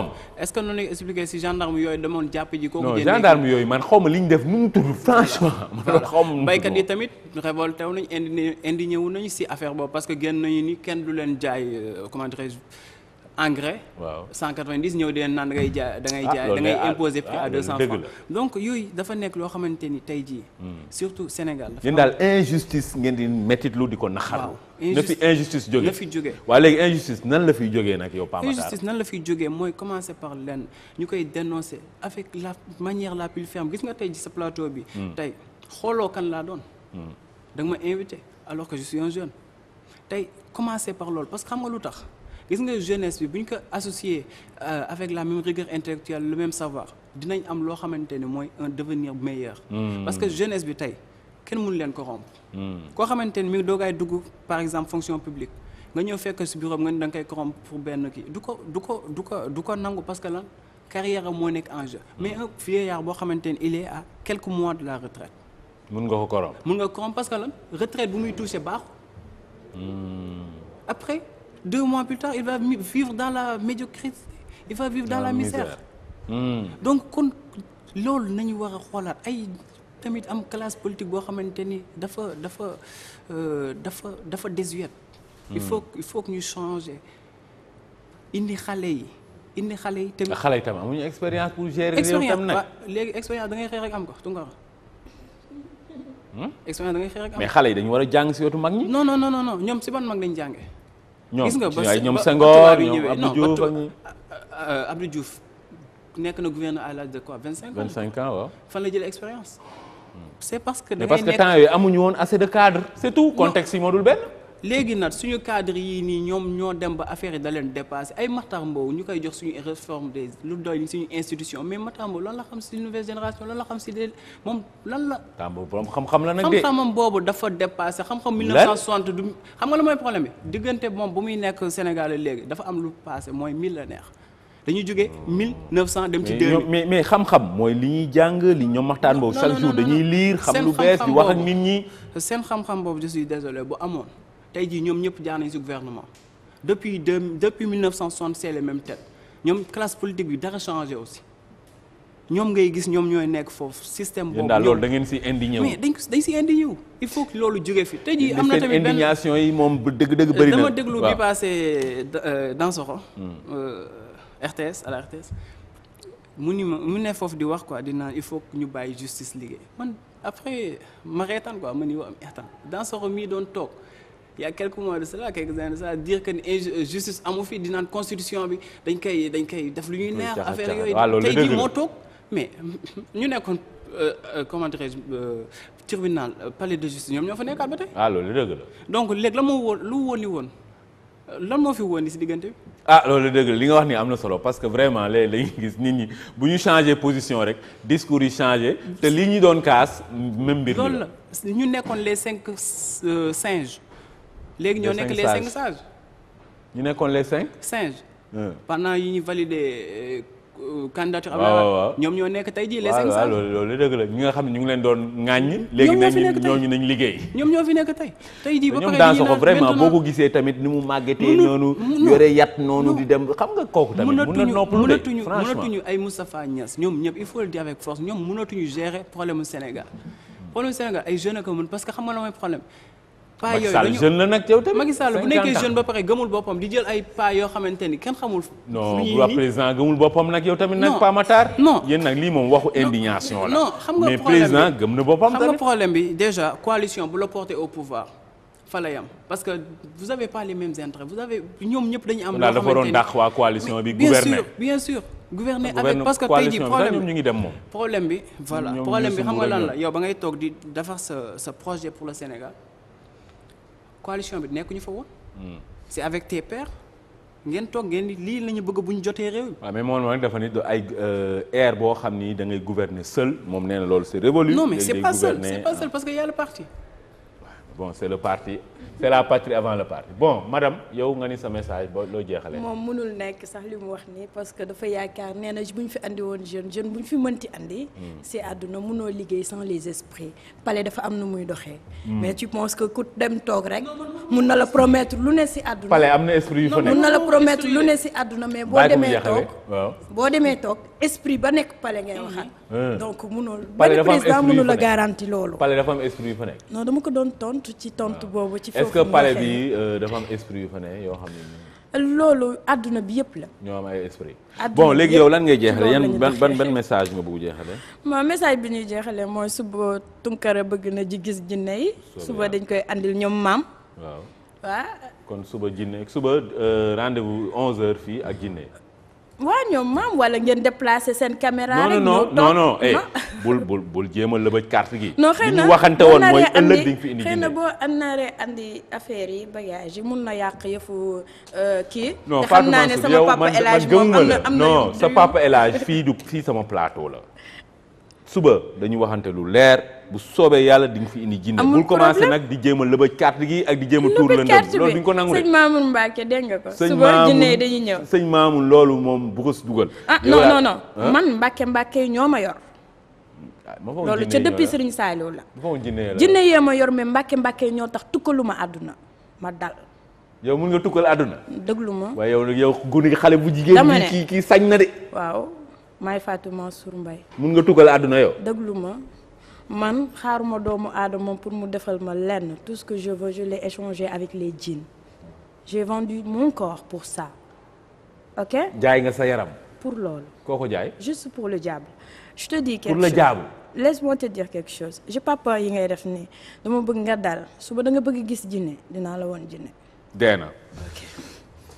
ah, ko expliqué si gendarme yooyu demoon jàpp ji. kooku jëndee non gendarme yooyu man xaw ma li ñu def nu mu tudd franchement. (laughs) man xaw ma baykat yi tamit révolté wu nañu indi indi ñëwu nañu si affaire boobu parce que génn nañu ni kenn du leen jaay euh, comment dirais engrais. ñëw di naan da ngay jaay da ngay ah, jaay da ngay ah, imposer prix ah, à 200 francs donc yooyu dafa nekk loo xamante ni tey jii. Hmm. surtout Sénégal. dafa yéen daal injustice ngeen di métti lu di ko naxaru. na fi injustice jógee na fi jógee. waaw léegi injustice nan la fiy jógee nag yow. Paa Matar injustice nan la fiy jógee mooy commencer par lenn ñu koy dénoncer avec la manière la plus ferme gis nga tey ji sa plateau bi. Hmm. tey xooloo kan laa doon. Hmm. da nga ma invité alors que je jeune. tey commencer gis nga jeunesse bi bu ñu ko associé euh, avec la même rigueur intellectuelle le même savoir dinañ am loo xamante ne mooy un devenir meilleur. Hmm. parce que jeunesse bi tey kenn mënu leen ko romb. Hmm. koo xamante ni mi ngi doogaay dugg par exemple fonction publique nga ñëw fekk si bureau nga ni da nga koy corrompre pour benn ki du ko du ko du ko du ko nangu parce que lan carrière am moo nekk en jeu. Hmm. mais un vieillard boo xamante ni il est à quelques mois de la retraite. mun nga ko corrompre. mun nga parce que lan retraite bu muy touché baaxul. après. deux mois plus tard il va vivre dans la médiocrité il va vivre dans la misère hmm. donc kon loolu nañu war a xoolaat ay tamit am classe politique boo xamante ni dafa dafa euh, dafa dafa désuète hmm. il faut il que ñu changer indi xale yi indi xale yi tamit. Ah, xale yi tamit amuñu expérience pour gérer. réew tam nag léegi expérience da ngay xeex rek am ko Tounkara. Hmm? expérience da ngay xeex rek am mais xale yi dañu war a jàng si wetu mag ñi. non non non non ñoom si ban mag lañ jàngee. gis nga ba ñoom Senghor ñoom Abdou Diouf euh, Abdou Diouf nekk na gouverneur à l'âge de quoi 25 vingt cinq ans waaw. fan la jëlee expérience. Hmm. c'est parce que da parce que temps yooyu amuñu woon assez de cadre. c'est tout contexte yi moo benn. léegi nag suñu cadre yi nii ñoom ñoo dem ba affaire yi da leen dépassé ay Matar Mbow ñu koy jox suñu réforme des lu doy suñu institution mais Matar Mbow la xam si nouvelle génération lan la xam si de moom lan la. Tambo borom xam-xam la nag de xam boobu dafa dépassé. xam-xam 1960 du xam nga la mooy problème bi moom bu muy nekk Sénégal léegi dafa am lu passé mooy millénaire. dañuy jógee hmm. 1900 dem ci 2000 mais mais xam mooy li ñuy jàng li ñoom waxtaan boobu chaque jour dañuy liir xam lu bees di wax ak nit ñi. seen xam-xam boobu je suis désolé bu amoon. tey jii ñoom ñëpp jaar nañ si gouvernement depuis deux depuis 1960 c'est les mêmes têtes ñoom classe politique bi dara changé aussi ñoom ngay gis ñoom ñooy nekk foofu système. boobu daal loolu da ngeen si indigné wu. mais dañ dañ si indigné wu il faut que loolu joge fi. tey jii am na tamit benn indignation yi moom dëgg-dëgg. bëri na euh, dama déglu bi passé Dansokho. RTS RTS. mu ni ma mu ne foofu di wax quoi di il faut que ñu bàyyi justice liggéey man après ma reetaan quoi ma ni waa am RTS Dansokho mii doon toog. il y a mois de cela quelques années de cela dire que euh, justice amu fi dinaan constitution bi dañ koy dañ koy def lu ñuy neex affaire yooyu ah, tey jii moo toog mais ñu nekkoon euh, euh, comment dirais-je tribunal palais de justice ñoom ñoo fa nekkaat ba tey. ah loolu dëgg la. moo woon lu woon woon lan moo fi woon si diggante bi. ah loolu li nga wax ni am na solo parce que vraiment léegi dañuy (laughs) gis nit ñi bu ñu changé position rek discours yi changé te li ñu doon kaas même mbir mi la. loolu ñu nekkoon les cinq singes. léegi ñoo nekk les cinq sages ñu nekkoon les cinq. singes. pendant yi ñu validé euh, candidature. waaw waaw ñoom ñoo nekk tey jii le cinq sages. waaw loolu loolu dëgg la ñi nga xam ne ñu ngi leen doon ŋàññ. léegi nañu ñooñu nañu liggéey. ñoom ñoo fi nekk tey tey jii ba ñoom ñoom ko vraiment boo ko gisee tamit ni mu màggetee noonu. yore yat noonu di dem xam nga kooku tamit. mun na noppalu de mënatuñu mënatuñu ay Moustapha Niass ñoom ñëpp il faut le dire avec force ñoom mënatuñu gérer problème Sénégal problème Sénégal que xam nga la mooy paa yooyu la nag yow tamit Macky Sall bu nekkee jeune ba pare gëmul boppam di jël ay paa yoo xamante ni kenn xamul. non bu wax président gëmul boppam nag yow tamit nag. Paa Matar non yéen nag lii moom waxu indignation la. xam nga président gëm na boppam tamit. xam nga problème bi déjà coalition bu la porté au pouvoir fa la yam parce que vous avez pas les mêmes vous avez ñoom ñëpp dañu am. loo xamante ni dafa doon dàq waa bi. gouverner bien sûr bien parce que tey jii problème ñu ngi dem moom. problème yow ngay toog di defar sa projet pour Sénégal coalition bi nekkuñu fa woon. Hmm. c'est avec tes pairs ngeen toog ngeen ni lii la ñu bëgg bu ñu jotee réew mi. waaw mais moom nag dafa ni ay euh, air boo xam ni da ngay gouverner seul moom nee lool loolu c'est révolu. non mais c'est pas seul c'est pas ah. seul parce que y a le bon c'est le parti c'est la patrie avant le parti bon madame yow nga ni sa message boo loo jeexalee. moom mënul nekk sax li mu wax nii parce que dafa yaakaar nee na bu ñu fi andi woon jeune jeune bu ñu fi mënti andi. Hmm. si àdduna mënoo liggéey sans les esprits pale dafa am na muy doxee. Hmm. mais tu penses que ku dem toog rek mun na la promettre lu ne si àdduna. pale am na esprit yu fa nekk mun na la promettre lu ne si mais. boo demee toog boo demee toog esprit ba nekk pale ngay waxaat. Hmm. donc munul. pale dafa am esprit yu fa nekk benn président mënul la garanti loolu. pale dafa am esprit tontu ci tontu boobu. ci foofu est-ce que palais bi euh, dafa am esprit yu fa ne yoo xam ne. loolu àdduna bi yëpp la. ñoo am ay esprit. bon léegi yow lan ngay jeexalee yan ban ban ban message nga bëgg jeexale ma message bi ñuy jeexalee mooy suba Tunkara bëgg na ji gis jinne yi. suba dañ koy andil ñoom maam. waaw waaw. kon suba jinne suba euh, rendez-vous 11h fii ak jinne waaw ñoom maam wala ngeen déplacer seen caméra. rek non eh, non bul bul bul jéem a lëbëj carte gi. non xëy waxante woon mooy ëllëg di nga fi indi. xëy na boo am naaree andi affaire yi bagage yi mun na yàq yëfu euh, kii. non Fatou xam naa ne sama papa El Hadj moom am na am na. sa papa El fii du fii sama plateau la. suba dañu waxante lu leer bu soobee yàlla di nga fi indi jinne bul commencé nag di jéem a lëbëj carte gi ak di jéem a tuur lëndëm loolu ko nangu de sëñ Mamoun Mbacke dégg nga ko suba jinne yi dañuy loolu moom bu ko si dugal ah, ah? man Mbacke Mbacke ñoo ma yor ah, loolu ca depuis Serigne Saliou la jinne yee ma yor mais Mbacke Mbacke ñoo tax tukkalu ma àdduna ma dal yow mun nga tukkal àdduna déglu ma waaye yow nag yow gune xale bu jigéen bi kii kii sañ na de waaw maay Fatou Mansour Mbaye mun nga tukkal àdduna yow. déglu ma man xaaruma doomu aadama pour mu defal ma lenn tout ce que je veux je l'ai échangé avec les djinns j'ai vendu mon corps pour saa ok. jaay nga sa yaram. pour loolu. koo ko jaay. juste pour le diable. je te pour le diable. laisse-moi dire quelque chose j'ai pas yi ngay def nii dama bëgg nga dal suba da nga bëgg gis jinne dinaa la woon jinne. dee na.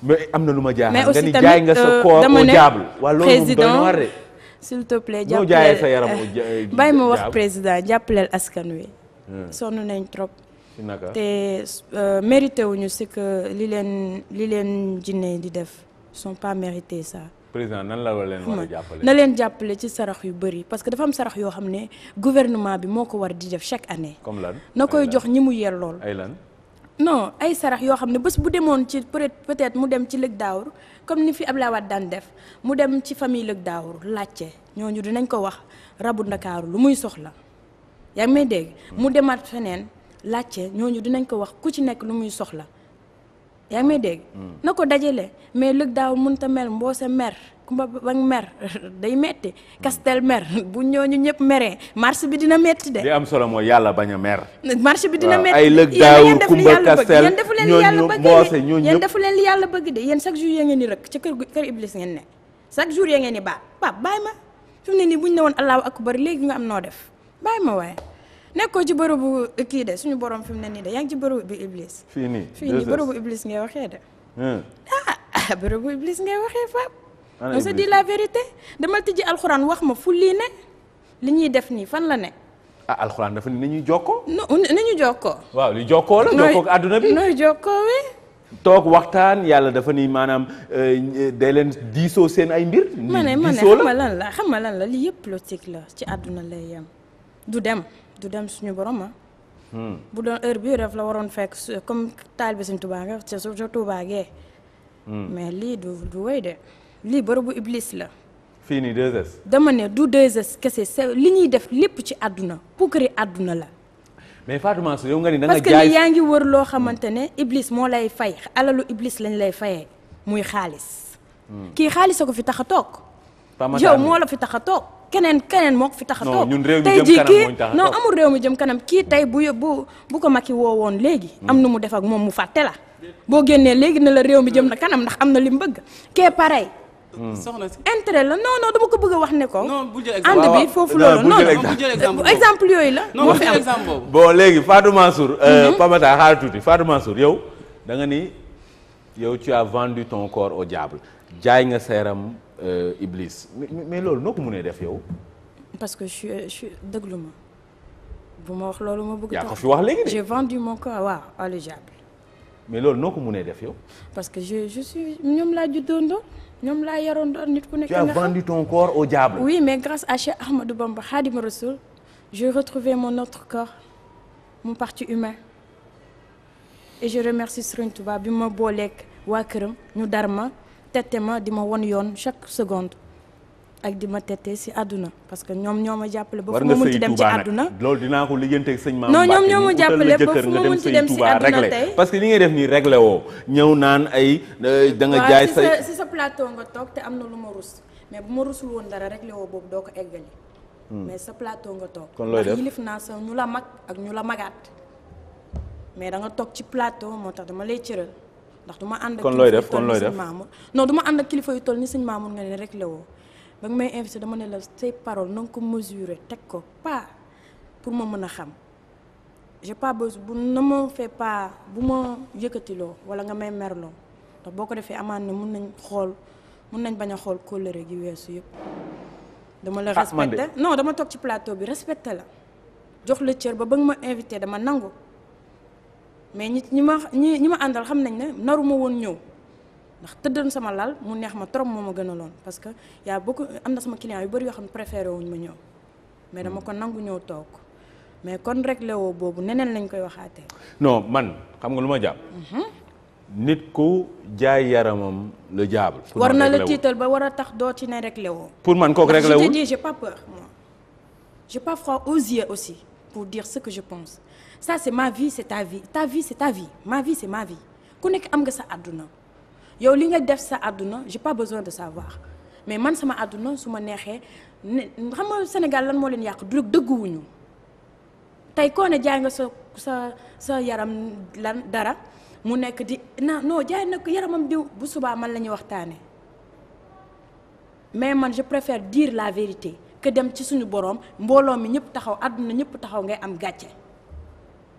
mais am na lu ma jaaxal nga ni jaay nga sa euh, corps au diable waa loolu moom doy war de s'il te plaît jàppaleel sa yaram euh, (laughs) bàyyi ma wax président jàppaleel askan wi hmm. sonn nañ trop te euh, mérité wuñu c'est que li leen li leen jinne di def sont pas mérité ça président nan la war leen war a na leen jàppale ci sarax yu bari parce que dafa am sarax yoo xam ne gouvernement bi moo ko war di def chaque année comme lan na koy jox ñi mu yellool ay lan non ay sarax yoo xam ne bés bu demoon ci peut-être mu dem ci lëg daawur comme ni fi Abdoulaye Wade daan def mu dem ci famille lëg daawur laajte ñooñu dinañ ko wax rabu ndakaaru lu muy soxla yaa ngi may dégg. mu demaat feneen laajte ñooñu dinañ ko wax ku ci nekk lu muy soxla yaa ngi may dégg. Hmm. na ko dajale mais lëg daawur mënut a mel mboose mer. kumba ba mer (laughs) day metti Castel mer (laughs) bu ñooñu ñëpp meree marché bi dina metti de. li am solo mooy yàlla bañ mer. marché bi dina metti ay lëg daawul kumba Castel ñooñu moose ñooñu yéen defu leen li yàlla bëgg de yéen chaque jour ya ngeen ni rëkk ca kër Iblis ngeen ne chaque jour ya ngeen ni baax waaw bàyyi ma fi mu ne nii bu ne woon allahu akbar léegi nga am noo def bàyyi ma waaye. nekkoo ci bërëbu eh, kii de suñu boroom fi mu ne nii de yaa ngi ci bërëbu bi iblis. fii nii fii nii (laughs) on se dit la vérité damal tijji alxuraan wax ma fu lii ne li ñuy def nii fan la ne. ah alxuraan dafa ne ni ñuy jokkoo. no ni ñu jokkoo. waaw li jokkoo la. jokkoo àdduna bi nooy jokkoo wee. toog waxtaan yàlla dafa ni maanaam euh, day leen diisoo seen ay mbir. ma ne ma ne xam nga lan la xam la lii yëpp politique la ci àdduna lay yem. du dem du dem suñu borom ah. Hmm. bu doon heure bii daf la waroon fekk comme taal bi suñ Tuubaa nga ca hmm. mais lii du du de. lii bërëbu iblis la. fii nii dama ne du 2S kese li ñuy def lépp ci àdduna pukkari àdduna la. mais Fatouma yow nga ni da parce que yaa ngi wër loo xamante ne iblis moo lay fay alalu iblis lañ lay fayee muy xaalis. Hmm. kii xaalis a ko fi tax a toog. yow moo la fi tax a toog. keneen keneen moo ko fi tax a toog tey jii kii non amul réew mi jëm kanam kii tey bu bu bu ko Macky woo woon léegi hmm. am na mu def ak moom mu fàtte la boo génnee léegi na la réew mi jëm na kanam ndax am na li mu bëgg kee pareil Mm. soxna si intérêt la non non dama ko bëgg wax ne ko. non bul bi foofu loolu. non non exemple yooyu la. moo fi am exemple boobu. bon léegi Fatou Mansour. Euh, mhm. Pamata xaar tuuti Fatou Mansour yow da nga yow tu as vendu ton corps au diable jaay nga sa euh, Iblis mais loolu noo ko mënee def yow. parce que je suis ma wax loolu ma fi wax léegi loolu noo ko mënee def que ñoom laa juddoondoo. ñoom laa yaroon doon nit ku nekk a xam tu as vendu ton corps au diable. oui mais grâce à Cheikh Ahmadou Bamba Khadim Rasoul j'ai retrouvé mon autre corps mon parti humain et je remercie Serigne Touba bi ma boo lekk waa këram ñu dar ma tette ma di ma won yoon chaque seconde. ak di ma tette si àdduna parce que ñoom ñoo ma jàppale ba fu ma mënti dem ci àdduna loolu dinaa ko lijjanteeg sëñ maam non ñoom ñoo ma jàppale ba fu ma dem si àdduna tey parce que li ngay def nii réglé ñëw naan ay eh, da nga jaay sa si sa plateau nga toog te am na lu ma rus mais bu ma rusul woon dara réglé woo boobu doo ko eggali hmm. mais sa plateau nga toog kon looy yilif naa sa ñu la mag ak ñu la magaat mais da nga toog ci plateau moo tax dama lay cëral ndax du ma ànd ak looy def kon looy du ma ànd ak kilifa yu toll ni sëñ Mamour nga ne réglé ba nga may invité dama ne la say parole na nga ko mesurer teg ko pa pour ma mën a xam je pas besoin bu na ma fait pas bu ma yëkkatiloo wala nga may merloo ndax boo ko defee amaan na mun nañ xool mun nañ bañ a xool kóllëre gi weesu yëpp dama la ah, respecté non dama toog ci plateau bi respecté la jox la cër ba ba nga ma invité dama nangu mais ñi ñi ma ñi ñi ma àndal xam nañ ne naru ma woon ñëw ndax tëddoon sama lal mu neex ma trop moo ma gën a loon parce que yaa beaucoup am na sama client yu bëri yoo xam ne préféré wuñ ma ñëw mais dama hmm. ko nangu ñëw toog mais kon réglé woo boobu neneen lañ koy wax waxaatee. non man xam nga lu ma jàpp. Mhm. nit ku jaay yaramam lu diable. war na la tiital ba war a tax doo ci ne réglé woo. pour man kooku réglé wul je te dis j'ai pas peur moi j'ai pas froid aux aussi pour dire ce que je pense ça c'est ma vie c'est ta vie ta vie ma vie c'est ma am nga sa àdduna. yow li nga def sa àdduna j'ai pas besoin de savoir mais man sama àdduna su ma neexee ne xam Sénégal lan moo leen yàq du dëgguwuñu tey koo ne jaay nga sa sa sa yaram lan dara mu nekk di na non jaay na ko yaramam diw bu subaa man la ñuy waxtaane mais man je préfère dire la vérité que dem ci suñu boroom mbooloo mi ñëpp taxaw àdduna ñëpp taxaw ngay am gàcce.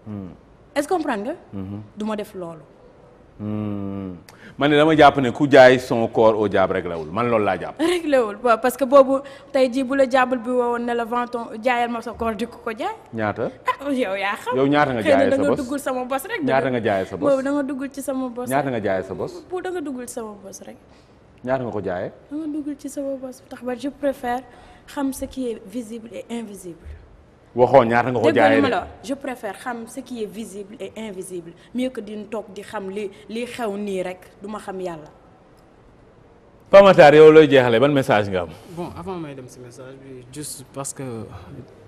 Hmm. est-ce que nga. Mm-hmm. duma def loolu. Hmm. man ne dama jàpp ne ku jaay son corps au diable rek lawul man loolu laa jàpp. rek lawul waaw parce que boobu tey jii bu la jàmbul bi wowoon ne la venton jaayal ma sa corps di ko ko jaay. ñaata ah oh, yow yaa xam. yow nga jaayee sa bos sama bos rek. ñaata nga jaayee sa bos boobu da duggul ci sama bos. ñaata nga jaayee sa bos. bu da nga duggul sama bos rek. ñaata nga ko jaayee. da nga duggul ci sama bos tax ba je préfère xam ce qui est visible et invisible. waxoo ñaata nga ko jaayee de la je préfère xam ce qui est visible et invisible mieux que di toog di xam li li xew nii rek duma xam yàlla. Pamatar yow looy jeexalee ban message nga am. bon avant may dem si message parce que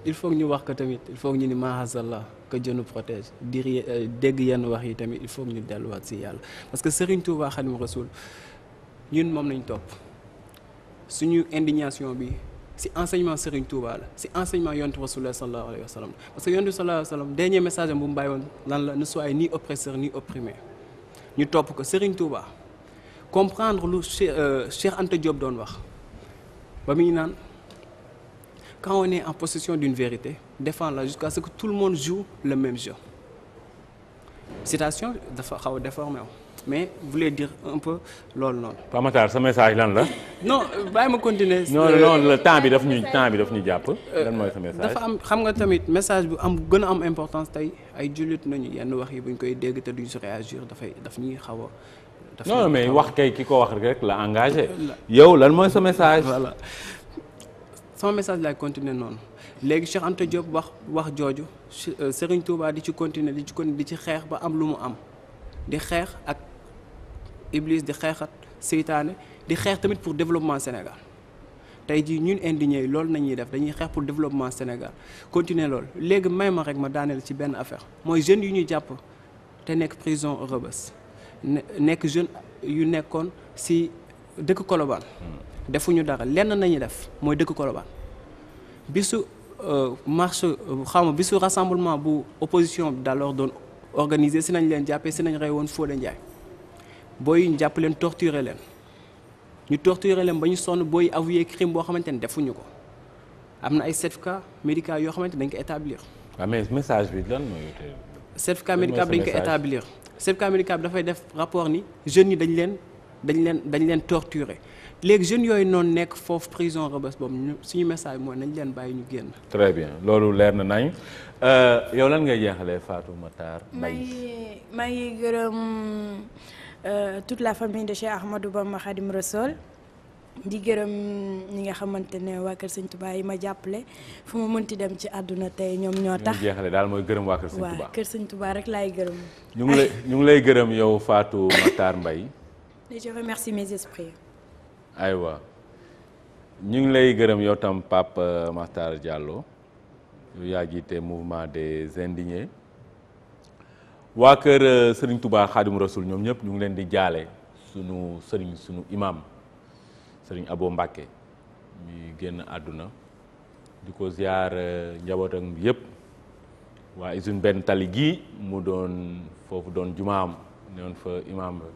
il faut ñu wax ko tamit il faut ñu ni mahazallah la Dieu nous protège di euh, dégg yenn wax yi tamit il faut ñu delluwaat si yàlla parce que Serigne Touba Khadim Rasoul ñun moom lañ topp suñu indignation bi. si enseignement Serigne Touba la si enseignement yontu Rasulullah sallallahu alayhi wa sallam parce que yontu sallallahu alayhi wa sallam dernier message am bu mu bàyyi woon lan la ne soyez ni oppresseur ni opprimé ñu topp ko Serigne Touba comprendre lu euh, Cheikh Anta Diop doon wax ba muy naan quand on est en possession d'une vérité défends-la jusqu'à ce que tout le monde joue le même jeu citation dafa xaw a déformé mais voulait dire un peu loolu noonu. Pape Matar sa message lan la. non bàyyi ma continuer. non non le temps bi daf ñu temps bi daf ñu jàpp. Euh, lan mooy sa message dafa am xam nga tamit message bu am gën a am importance tey ay jullit nañu yenn wax yi buñ koy dégg te duñ si réagir dafay daf ñuy xaw a. non mais wax kay ki ko wax rek la engagé. Euh, yow lan mooy sa message. voilà sama message laay continuer noonu. léegi Cheikh Anta Diop wax wax jooju euh, Serigne Touba di ci continuer di ci continuer di ci xeex ba am lu mu am di xeex ak Iblis di xeexat seytaane di xeex tamit pour développement Sénégal tey jii ñun indignés yi loolu nañuy def dañuy xeex pour développement Sénégal continuer lool léegi may ma rek ma daaneel ci benn affaire mooy jeunes yu ñuy jàpp te nekk prison Rebeuss nekk jeune yu nekkoon si dëkk Colobane hmm. defuñu dara lenn nañu def mooy dëkk Colobane bisu euh, marche euh, xaw ma bisu rassemblement bu opposition d'alors doon organisé si nañ leen jàppee si nañ rey woon Fodé Ndiaye booy yi ñu jàpp leen torturer leen ñu torturer leen ba ñu sonn booy avoué crime boo xamante ne defuñu ko am na ay certificat médical yoo xamante dañ ko établir. waaw message bi lan mooy certificat médical dañ ko établir. certificat médical bi dafay def rapport ni jeunes yi dañ leen dañ leen dañ leen torturer léegi jeunes yooyu noonu nekk foofu prison Rebeuss boobu suñu message mooy nañ leen bàyyi ñu génn. très bien loolu leer na nañ euh, yow lan ngay jeexalee Fatou Matar. may may gërëm. Euh, tout la famille de Cheikh Ahmadou Bamba Khadim Rassoul di gërëm ñi nga xamante ne waa Kër Sëñ Touba yi ma jàppale fu ma mënti dem ci àdduna tey ñoom ñoo tax jeexale daal mooy gërëm waa Kër Sëñ Touba waaw Kër Sëñ Touba rek laay gërëm. ñu ngi lay ñu ngi lay gërëm yow Fatou Matar Mbaye. et je remercie mes aywa ñu ngi lay gërëm yow tam Pape Matar Diallo yaa jiite mouvement des indignés. waa kër euh, Serigne tubaa Khadim rasul ñoom ñëpp ñu ngi leen di jaale sunu sëriñ sunu imaam sëriñ Abo Mbacke mi génn àdduna di ko ziar euh, njabootam yépp yëpp waa usine benn tali gii mu doon foofu doon jumaam ne woon fa imam ba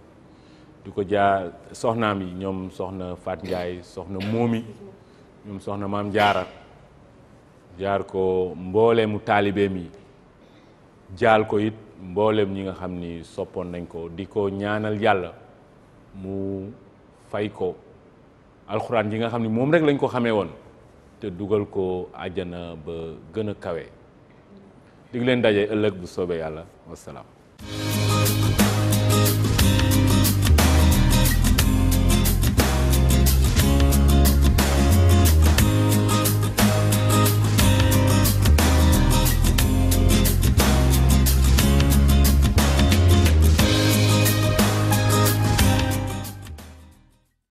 di ko jaar soxnaam yi ñoom soxna Fat Ndiaye soxna Momi ñoom soxna maam jaara jaar ko mbooleemu taalibeem yi jaal ko it. mboolem ñi nga xam ni soppoon nañ ko di ko ñaanal yàlla mu fay ko alxuraan yi nga xam ni moom rek lañ ko xamee woon te dugal ko àjjana ba gën a kawe dig leen daje ëllëg bu soobee yàlla wasalaam